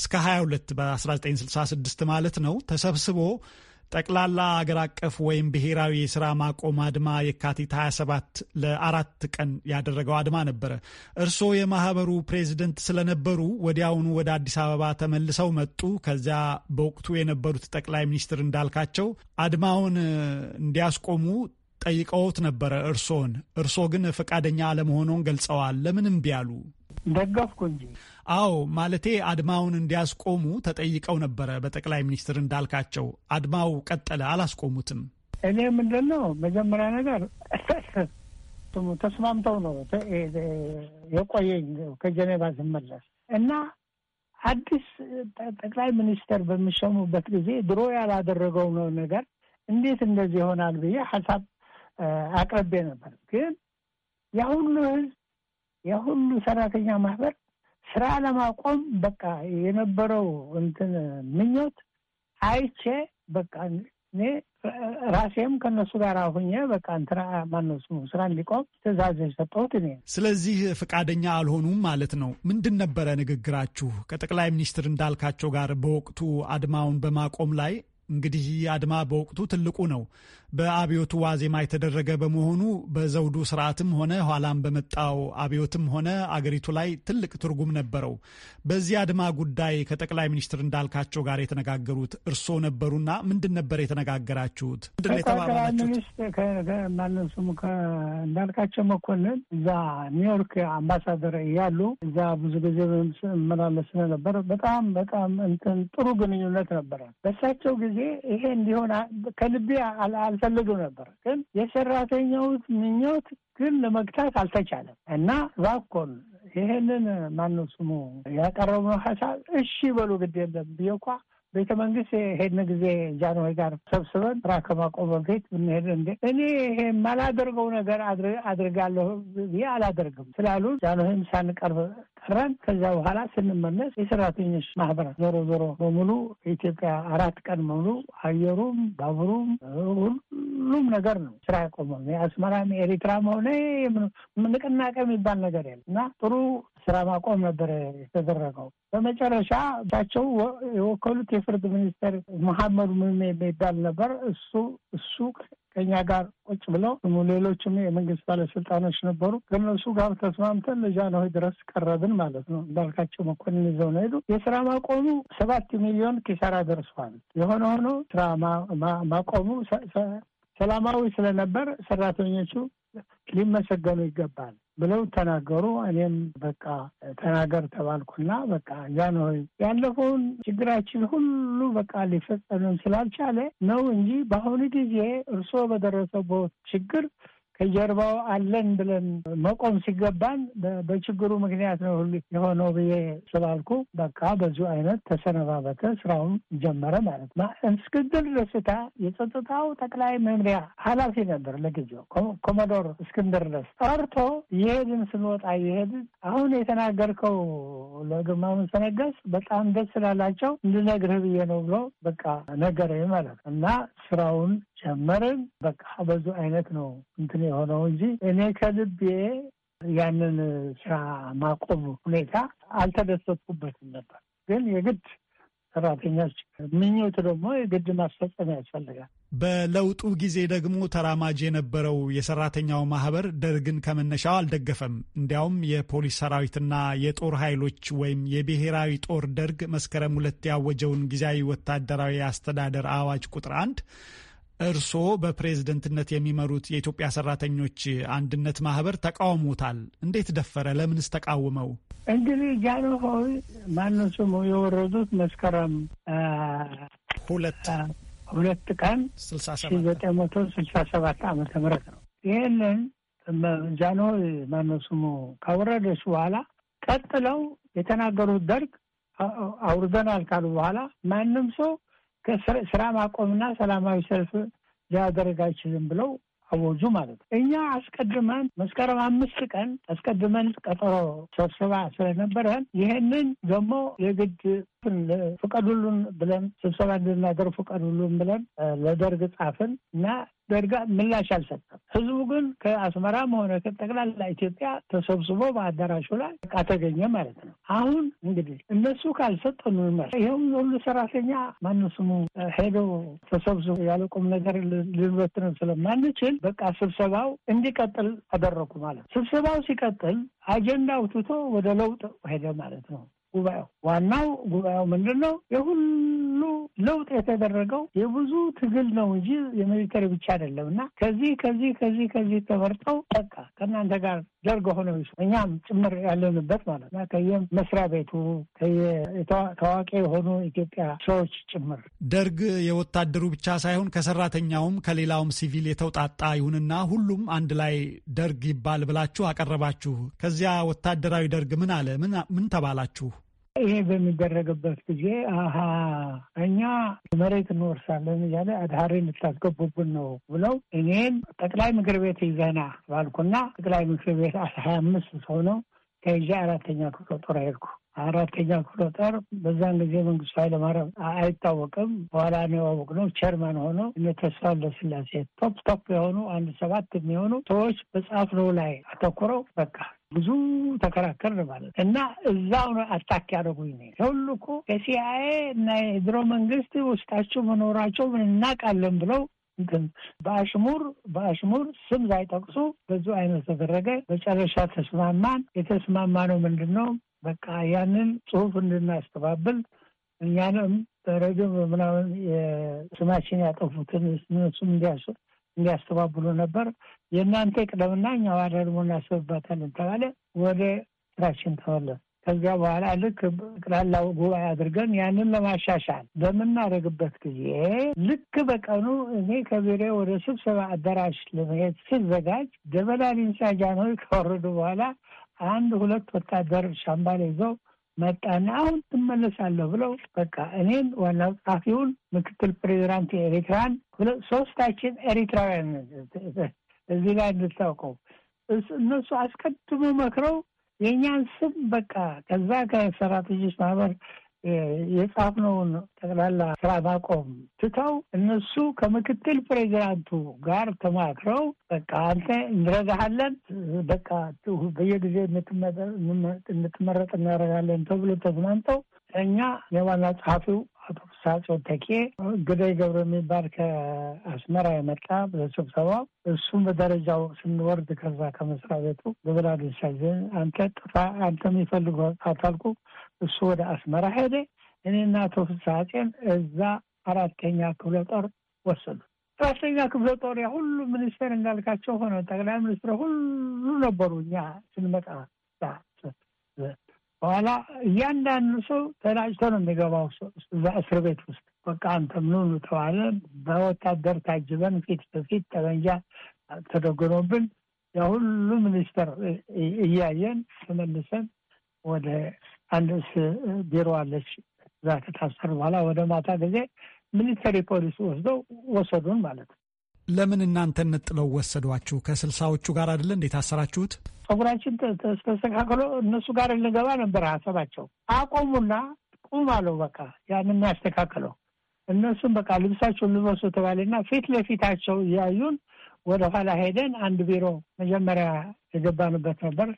እስከ 22 በ1966 ማለት ነው ተሰብስቦ ጠቅላላ አገር አቀፍ ወይም ብሔራዊ የስራ ማቆም አድማ የካቲት 27 ለአራት ቀን ያደረገው አድማ ነበረ። እርስዎ የማህበሩ ፕሬዚደንት ስለነበሩ ወዲያውኑ ወደ አዲስ አበባ ተመልሰው መጡ። ከዚያ በወቅቱ የነበሩት ጠቅላይ ሚኒስትር እንዳልካቸው አድማውን እንዲያስቆሙ ጠይቀውት ነበረ እርስዎን። እርስዎ ግን ፈቃደኛ አለመሆኖን ገልጸዋል። ለምንም ቢያሉ ደገፍኩ እንጂ። አዎ ማለቴ አድማውን እንዲያስቆሙ ተጠይቀው ነበረ በጠቅላይ ሚኒስትር እንዳልካቸው። አድማው ቀጠለ፣ አላስቆሙትም። እኔ ምንድን ነው መጀመሪያ ነገር ተስማምተው ነው የቆየኝ ከጀኔቫ ስመለስ እና አዲስ ጠቅላይ ሚኒስትር በሚሸሙበት ጊዜ ድሮ ያላደረገው ነው ነገር እንዴት እንደዚህ ይሆናል ብዬ ሀሳብ አቅርቤ ነበር። ግን የሁሉ ህዝብ የሁሉ ሰራተኛ ማህበር ስራ ለማቆም በቃ የነበረው እንትን ምኞት አይቼ በቃ እኔ ራሴም ከነሱ ጋር ሁኜ በቃ እንትና ማነሱ ስራ እንዲቆም ትእዛዝ የሰጠሁት እኔ። ስለዚህ ፈቃደኛ አልሆኑም ማለት ነው። ምንድን ነበረ ንግግራችሁ ከጠቅላይ ሚኒስትር እንዳልካቸው ጋር በወቅቱ አድማውን በማቆም ላይ እንግዲህ ይህ አድማ በወቅቱ ትልቁ ነው። በአብዮቱ ዋዜማ የተደረገ በመሆኑ በዘውዱ ስርዓትም ሆነ ኋላም በመጣው አብዮትም ሆነ አገሪቱ ላይ ትልቅ ትርጉም ነበረው። በዚህ አድማ ጉዳይ ከጠቅላይ ሚኒስትር እንዳልካቸው ጋር የተነጋገሩት እርስዎ ነበሩና ምንድን ነበር የተነጋገራችሁት? ምንድን የተባባላችሁት? እንዳልካቸው መኮንን እዛ ኒውዮርክ አምባሳደር እያሉ እዛ ብዙ ጊዜ መላለስ ስለነበረ በጣም በጣም እንትን ጥሩ ግንኙነት ነበረ በሳቸው ጊዜ ጊዜ ይሄ እንዲሆን ከልቤ አልፈልጉ ነበር፣ ግን የሰራተኛው ምኞት ግን ለመግታት አልተቻለም እና ባኮን ይሄንን ማነው ስሙ ሀሳብ እሺ በሉ ግድ የለም ብዬ እንኳ ቤተ መንግስት ሄድን ጊዜ ጃንሆይ ጋር ሰብስበን ራ ከማቆም በፊት ብንሄድ እንደ እኔ ይሄ የማላደርገው ነገር አድርጋለሁ ብዬ አላደርግም ስላሉ ጃንሆይም ሳንቀርብ ቀረን። ከዛ በኋላ ስንመለስ የሰራተኞች ማህበር ዞሮ ዞሮ በሙሉ ኢትዮጵያ አራት ቀን ሙሉ አየሩም ባቡሩም ሁሉም ነገር ነው ስራ ያቆመ። የአስመራም ኤሪትራም ሆነ ንቅናቄ የሚባል ነገር ያለ እና ጥሩ ስራ ማቆም ነበር የተደረገው። በመጨረሻ እሳቸው የወከሉት የፍርድ ሚኒስቴር መሐመድ ሙሜ የሚባል ነበር። እሱ እሱ ከኛ ጋር ቁጭ ብለው ሌሎችም የመንግስት ባለስልጣኖች ነበሩ። ከነሱ ጋር ተስማምተን ለጃንሆይ ድረስ ቀረብን ማለት ነው። እንዳልካቸው መኮንን ይዘው ነው ሄዱ። የስራ ማቆሙ ሰባት ሚሊዮን ኪሳራ ደርሷል። የሆነ ሆኖ ስራ ማቆሙ ሰላማዊ ስለነበር ሰራተኞቹ ሊመሰገኑ ይገባል። ብለው ተናገሩ። እኔም በቃ ተናገር ተባልኩና በቃ እዛ ሆይ ያለፈውን ችግራችን ሁሉ በቃ ሊፈጸምም ስላልቻለ ነው እንጂ በአሁኑ ጊዜ እርስዎ በደረሰበት ችግር ከጀርባው አለን ብለን መቆም ሲገባን በችግሩ ምክንያት ነው ሁሉ የሆነው ብዬ ስላልኩ በቃ በዙ አይነት ተሰነባበተ፣ ስራውን ጀመረ ማለት ነው። እስክንድር ደስታ የጸጥታው ጠቅላይ መምሪያ ኃላፊ ነበር ለጊዜው ኮሞዶር እስክንድር ደስ ጠርቶ ይሄድን ስንወጣ የሄድን አሁን የተናገርከው ለግርማ መንሰነገስ በጣም ደስ ስላላቸው እንድነግርህ ብዬ ነው ብሎ በቃ ነገረኝ ማለት እና ስራውን ጨመርን። በቃ በዙ አይነት ነው እንትን የሆነው እንጂ እኔ ከልቤ ያንን ስራ ማቆም ሁኔታ አልተደሰትኩበትም ነበር። ግን የግድ ሰራተኞች ምኞት ደግሞ የግድ ማስፈጸም ያስፈልጋል። በለውጡ ጊዜ ደግሞ ተራማጅ የነበረው የሰራተኛው ማህበር ደርግን ከመነሻው አልደገፈም። እንዲያውም የፖሊስ ሰራዊትና የጦር ኃይሎች ወይም የብሔራዊ ጦር ደርግ መስከረም ሁለት ያወጀውን ጊዜያዊ ወታደራዊ አስተዳደር አዋጅ ቁጥር አንድ እርስዎ በፕሬዝደንትነት የሚመሩት የኢትዮጵያ ሰራተኞች አንድነት ማህበር ተቃውሞታል። እንዴት ደፈረ? ለምንስ ተቃውመው? እንግዲህ ጃንሆይ ማነው ስሙ የወረዱት መስከረም ሁለት ሁለት ቀን ሺህ ዘጠኝ መቶ ስልሳ ሰባት ዓመተ ምህረት ነው። ይህንን ጃንሆይ ማነው ስሙ ካወረደች በኋላ ቀጥለው የተናገሩት ደርግ አውርደናል ካሉ በኋላ ማንም ሰው ስራ ማቆምና ሰላማዊ ሰልፍ ሊያደርግ አይችልም ብለው አወጁ ማለት ነው። እኛ አስቀድመን መስከረም አምስት ቀን አስቀድመን ቀጠሮ ሰብሰባ ስለነበረን ይህንን ደግሞ የግድ ፍቀዱልን ብለን ስብሰባ እንድናገር ፍቀዱልን ብለን ለደርግ ጻፍን እና ደርጋ ምላሽ አልሰጠም። ህዝቡ ግን ከአስመራም ሆነ ከጠቅላላ ኢትዮጵያ ተሰብስቦ በአዳራሹ ላይ በቃ ተገኘ ማለት ነው። አሁን እንግዲህ እነሱ ካልሰጠኑ ይህም ሁሉ ሰራተኛ ማን ስሙ ሄዶ ተሰብስቦ ያለ ቁም ነገር ልንበትነን ስለማንችል በቃ ስብሰባው እንዲቀጥል አደረኩ ማለት ነው። ስብሰባው ሲቀጥል አጀንዳው ትቶ ወደ ለውጥ ሄደ ማለት ነው። ጉባኤው። ዋናው ጉባኤው ምንድን ነው? የሁሉ ለውጥ የተደረገው የብዙ ትግል ነው እንጂ የሚሊተሪ ብቻ አይደለም። እና ከዚህ ከዚህ ከዚህ ከዚህ ተመርጠው በቃ ከእናንተ ጋር ደርግ ሆነው እኛም ጭምር ያለንበት ማለት ነው። ከየም መስሪያ ቤቱ ታዋቂ የሆኑ ኢትዮጵያ ሰዎች ጭምር ደርግ የወታደሩ ብቻ ሳይሆን ከሰራተኛውም ከሌላውም ሲቪል የተውጣጣ ይሁንና ሁሉም አንድ ላይ ደርግ ይባል ብላችሁ አቀረባችሁ። ከዚያ ወታደራዊ ደርግ ምን አለ? ምን ተባላችሁ? ይሄ በሚደረግበት ጊዜ አሀ እኛ መሬት እንወርሳለን እያለ አድሃሪ ልታስገቡብን ነው ብለው እኔም ጠቅላይ ምክር ቤት ይዘና ባልኩና ጠቅላይ ምክር ቤት ሀያ አምስት ሰው ነው ከይዤ አራተኛ ክፍለ ጦር ሄድኩ። አራተኛ ክፍለ ጦር በዛን ጊዜ መንግስቱ ኃይለማርያም አይታወቅም። በኋላ ነው ያወቅነው። ቸርማን ሆነው እነ ተስፋ ለስላሴ ቶፕ ቶፕ የሆኑ አንድ ሰባት የሚሆኑ ሰዎች በጻፍ ነው ላይ አተኩረው በቃ ብዙ ተከራከር ማለት እና እዛው አታክ ያደረጉኝ ነው። ሰውሉ እኮ የሲአይኤ እና የድሮ መንግስት ውስጣቸው መኖራቸው ምን እናውቃለን ብለው ግን በአሽሙር በአሽሙር ስም ሳይጠቅሱ ብዙ አይነት ተደረገ። መጨረሻ ተስማማን። የተስማማነው ምንድን ነው? በቃ ያንን ጽሁፍ እንድናስተባብል እኛንም በረጅም ምናምን የስማችን ያጠፉትን እነሱም እንዲያስ እንዲያስተባብሉ ነበር። የእናንተ ቅደምና እኛ ዋዳ እናስብበታለን ተባለ። ወደ ስራችን ተመለስ። ከዚያ በኋላ ልክ ጠቅላላ ጉባኤ አድርገን ያንን ለማሻሻል በምናደርግበት ጊዜ ልክ በቀኑ እኔ ከቢሮ ወደ ስብሰባ አዳራሽ ለመሄድ ስዘጋጅ ደበላ ጃንሆይ ከወረዱ በኋላ አንድ ሁለት ወታደር ሻምባሌ ይዘው መጣና አሁን ትመለሳለሁ ብለው በቃ እኔን ዋና ጸሐፊውን፣ ምክትል ፕሬዚዳንት ኤሪትራን፣ ሶስታችን ኤሪትራውያን እዚህ ላይ እንድታውቀው እነሱ አስቀድሞ መክረው የእኛን ስም በቃ ከዛ ከሰራተኞች ማህበር የጻፍነውን ጠቅላላ ስራ ማቆም ትተው እነሱ ከምክትል ፕሬዚዳንቱ ጋር ተማክረው በቃ አንተ እንረዳሃለን በቃ በየጊዜ እንትመረጥ እናደርጋለን ተብሎ ተስማምተው እኛ የዋና ጸሐፊው አቶ ፍስሐ ጾተኬ ግደይ ገብረ የሚባል ከአስመራ የመጣ በስብሰባው እሱም በደረጃው ስንወርድ ከዛ ከመስሪያ ቤቱ ግብር አድርሻዜ አንተ ጥፋ አንተ የሚፈልጉ አታልኩ እሱ ወደ አስመራ ሄደ። እኔና አቶ ፍሳጼን እዛ አራተኛ ክፍለ ጦር ወሰዱ። አራተኛ ክፍለ ጦር ያ ሁሉ ሚኒስቴር እንዳልካቸው ሆነ። ጠቅላይ ሚኒስትር ሁሉ ነበሩ እኛ ስንመጣ በኋላ እያንዳንዱ ሰው ተላጭቶ ነው የሚገባው እዛ እስር ቤት ውስጥ። በቃ አንተም ተባለ። በወታደር ታጅበን ፊት በፊት ጠመንጃ ተደግኖብን የሁሉ ሚኒስተር እያየን ተመልሰን ወደ አንድ ቢሮ አለች እዛ ከታሰር በኋላ ወደ ማታ ጊዜ ሚሊተሪ ፖሊስ ወስደው ወሰዱን ማለት ነው። ለምን እናንተ ነጥለው ወሰዷችሁ? ከስልሳዎቹ ጋር አይደለ እንዴ አሰራችሁት? ጸጉራችን ተስተካክሎ እነሱ ጋር ልንገባ ነበር ሀሳባቸው። አቆሙና ቁም አለው። በቃ ያን የሚያስተካክለው እነሱም በቃ ልብሳቸውን ልበሱ ተባለና ፊት ለፊታቸው እያዩን ወደ ኋላ ሄደን አንድ ቢሮ መጀመሪያ የገባንበት ነበር።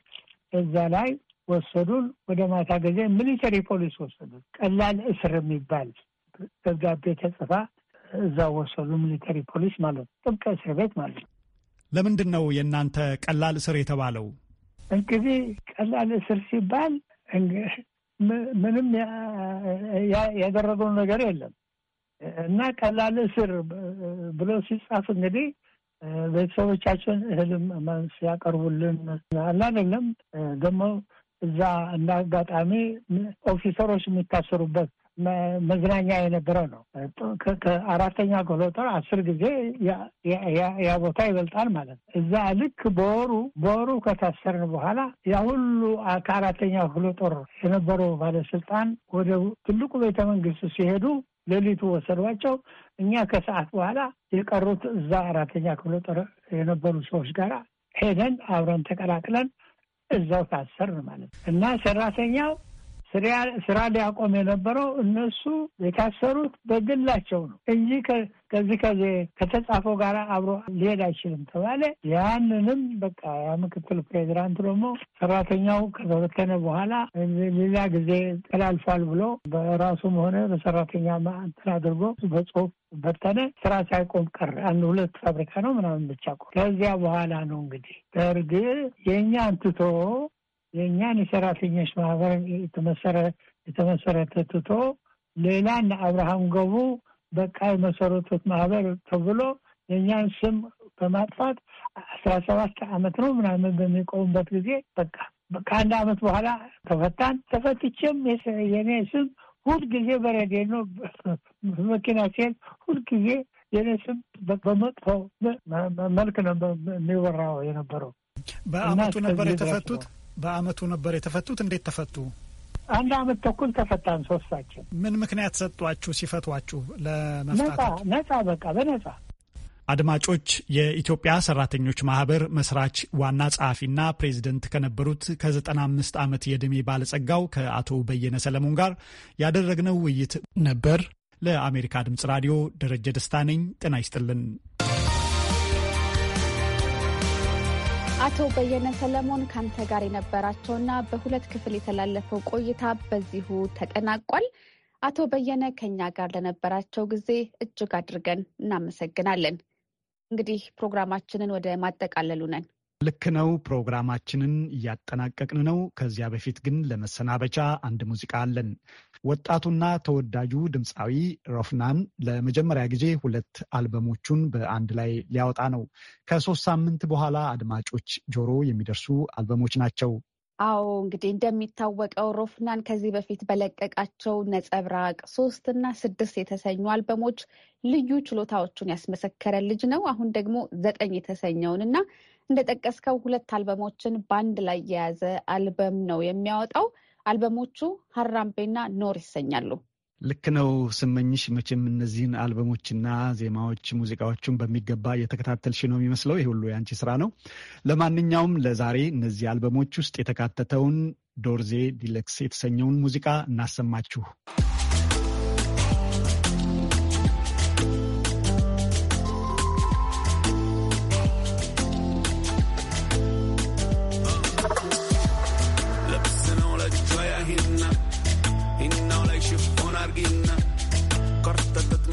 እዛ ላይ ወሰዱን። ወደ ማታ ጊዜ ሚሊተሪ ፖሊስ ወሰዱን። ቀላል እስር የሚባል ደብዳቤ ተጽፋ እዛ ወሰዱ ሚሊተሪ ፖሊስ ማለት ነው። ጥብቅ እስር ቤት ማለት ነው። ለምንድን ነው የእናንተ ቀላል እስር የተባለው? እንግዲህ ቀላል እስር ሲባል ምንም ያደረገው ነገር የለም እና ቀላል እስር ብሎ ሲጻፍ እንግዲህ ቤተሰቦቻችን እህልም ሲያቀርቡልን አላደለም ደግሞ እዛ እንደ አጋጣሚ ኦፊሰሮች የሚታሰሩበት መዝናኛ የነበረ ነው። ከአራተኛ ኮሎተር አስር ጊዜ ያ ቦታ ይበልጣል ማለት ነው። እዛ ልክ በወሩ በወሩ ከታሰርን በኋላ ያ ሁሉ ከአራተኛ ኮሎተር የነበረው ባለስልጣን ወደ ትልቁ ቤተ መንግስት ሲሄዱ ሌሊቱ ወሰዷቸው። እኛ ከሰዓት በኋላ የቀሩት እዛ አራተኛ ክፍለ የነበሩ ሰዎች ጋር ሄደን አብረን ተቀላቅለን እዛው ታሰርን ማለት ነው እና ሰራተኛው ስራ ሊያቆም የነበረው እነሱ የታሰሩት በግላቸው ነው እንጂ ከዚህ ከዚህ ከተጻፈው ጋር አብሮ ሊሄድ አይችልም ተባለ። ያንንም በቃ ያ ምክትል ፕሬዚዳንቱ ደግሞ ሰራተኛው ከተበተነ በኋላ ሌላ ጊዜ ተላልፏል ብሎ በራሱም ሆነ በሰራተኛ እንትን አድርጎ በጽሁፍ በተነ። ስራ ሳይቆም ቀር አንድ ሁለት ፋብሪካ ነው ምናምን ብቻ ቆ ከዚያ በኋላ ነው እንግዲህ በእርግ የእኛ አንትቶ የእኛን የሰራተኞች ማህበር የተመሰረተ ትቶ ሌላን አብርሃም ገቡ በቃ የመሰረቱት ማህበር ተብሎ የእኛን ስም በማጥፋት አስራ ሰባት ዓመት ነው ምናምን በሚቆሙበት ጊዜ በቃ ከአንድ አመት በኋላ ተፈታን። ተፈትቼም የኔ ስም ሁልጊዜ በረዴ ነው መኪና ሲሄድ ሁልጊዜ የኔ ስም በመጥፎ መልክ ነው የሚወራው የነበረው። በአመቱ ነበር የተፈቱት። በአመቱ ነበር የተፈቱት። እንዴት ተፈቱ? አንድ አመት ተኩል ተፈታን ሶስታችን። ምን ምክንያት ሰጧችሁ ሲፈቷችሁ? ለመፍታት ነጻ በቃ በነጻ አድማጮች የኢትዮጵያ ሰራተኞች ማህበር መስራች ዋና ጸሐፊና ፕሬዚደንት ከነበሩት ከ95 ዓመት የዕድሜ ባለጸጋው ከአቶ በየነ ሰለሞን ጋር ያደረግነው ውይይት ነበር። ለአሜሪካ ድምፅ ራዲዮ ደረጀ ደስታ ነኝ። ጤና ይስጥልን። አቶ በየነ ሰለሞን ካንተ ጋር የነበራቸውና በሁለት ክፍል የተላለፈው ቆይታ በዚሁ ተጠናቋል። አቶ በየነ ከኛ ጋር ለነበራቸው ጊዜ እጅግ አድርገን እናመሰግናለን። እንግዲህ ፕሮግራማችንን ወደ ማጠቃለሉ ነን። ልክ ነው። ፕሮግራማችንን እያጠናቀቅን ነው። ከዚያ በፊት ግን ለመሰናበቻ አንድ ሙዚቃ አለን። ወጣቱና ተወዳጁ ድምፃዊ ሮፍናን ለመጀመሪያ ጊዜ ሁለት አልበሞቹን በአንድ ላይ ሊያወጣ ነው። ከሶስት ሳምንት በኋላ አድማጮች ጆሮ የሚደርሱ አልበሞች ናቸው። አዎ እንግዲህ እንደሚታወቀው ሮፍናን ከዚህ በፊት በለቀቃቸው ነጸብራቅ ሶስት እና ስድስት የተሰኙ አልበሞች ልዩ ችሎታዎቹን ያስመሰከረ ልጅ ነው። አሁን ደግሞ ዘጠኝ የተሰኘውን እና እንደጠቀስከው ሁለት አልበሞችን በአንድ ላይ የያዘ አልበም ነው የሚያወጣው። አልበሞቹ ሀራምቤና ኖር ይሰኛሉ። ልክ ነው ስመኝሽ። መቼም እነዚህን አልበሞችና ዜማዎች ሙዚቃዎቹን በሚገባ የተከታተልሽ ነው የሚመስለው። ይህ ሁሉ የአንቺ ስራ ነው። ለማንኛውም ለዛሬ እነዚህ አልበሞች ውስጥ የተካተተውን ዶርዜ ዲለክስ የተሰኘውን ሙዚቃ እናሰማችሁ።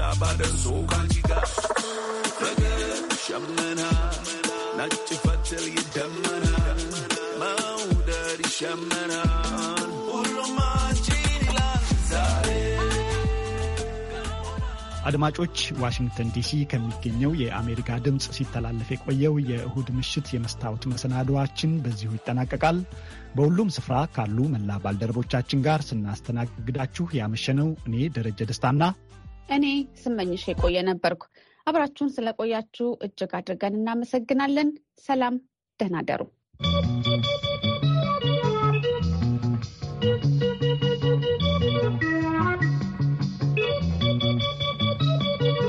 saba da so አድማጮች ዋሽንግተን ዲሲ ከሚገኘው የአሜሪካ ድምፅ ሲተላለፍ የቆየው የእሁድ ምሽት የመስታወት መሰናዶዋችን በዚሁ ይጠናቀቃል። በሁሉም ስፍራ ካሉ መላ ባልደረቦቻችን ጋር ስናስተናግዳችሁ ያመሸነው እኔ ደረጀ ደስታና እኔ ስመኝሽ የቆየ ነበርኩ። አብራችሁን ስለቆያችሁ እጅግ አድርገን እናመሰግናለን። ሰላም፣ ደህና ደሩ።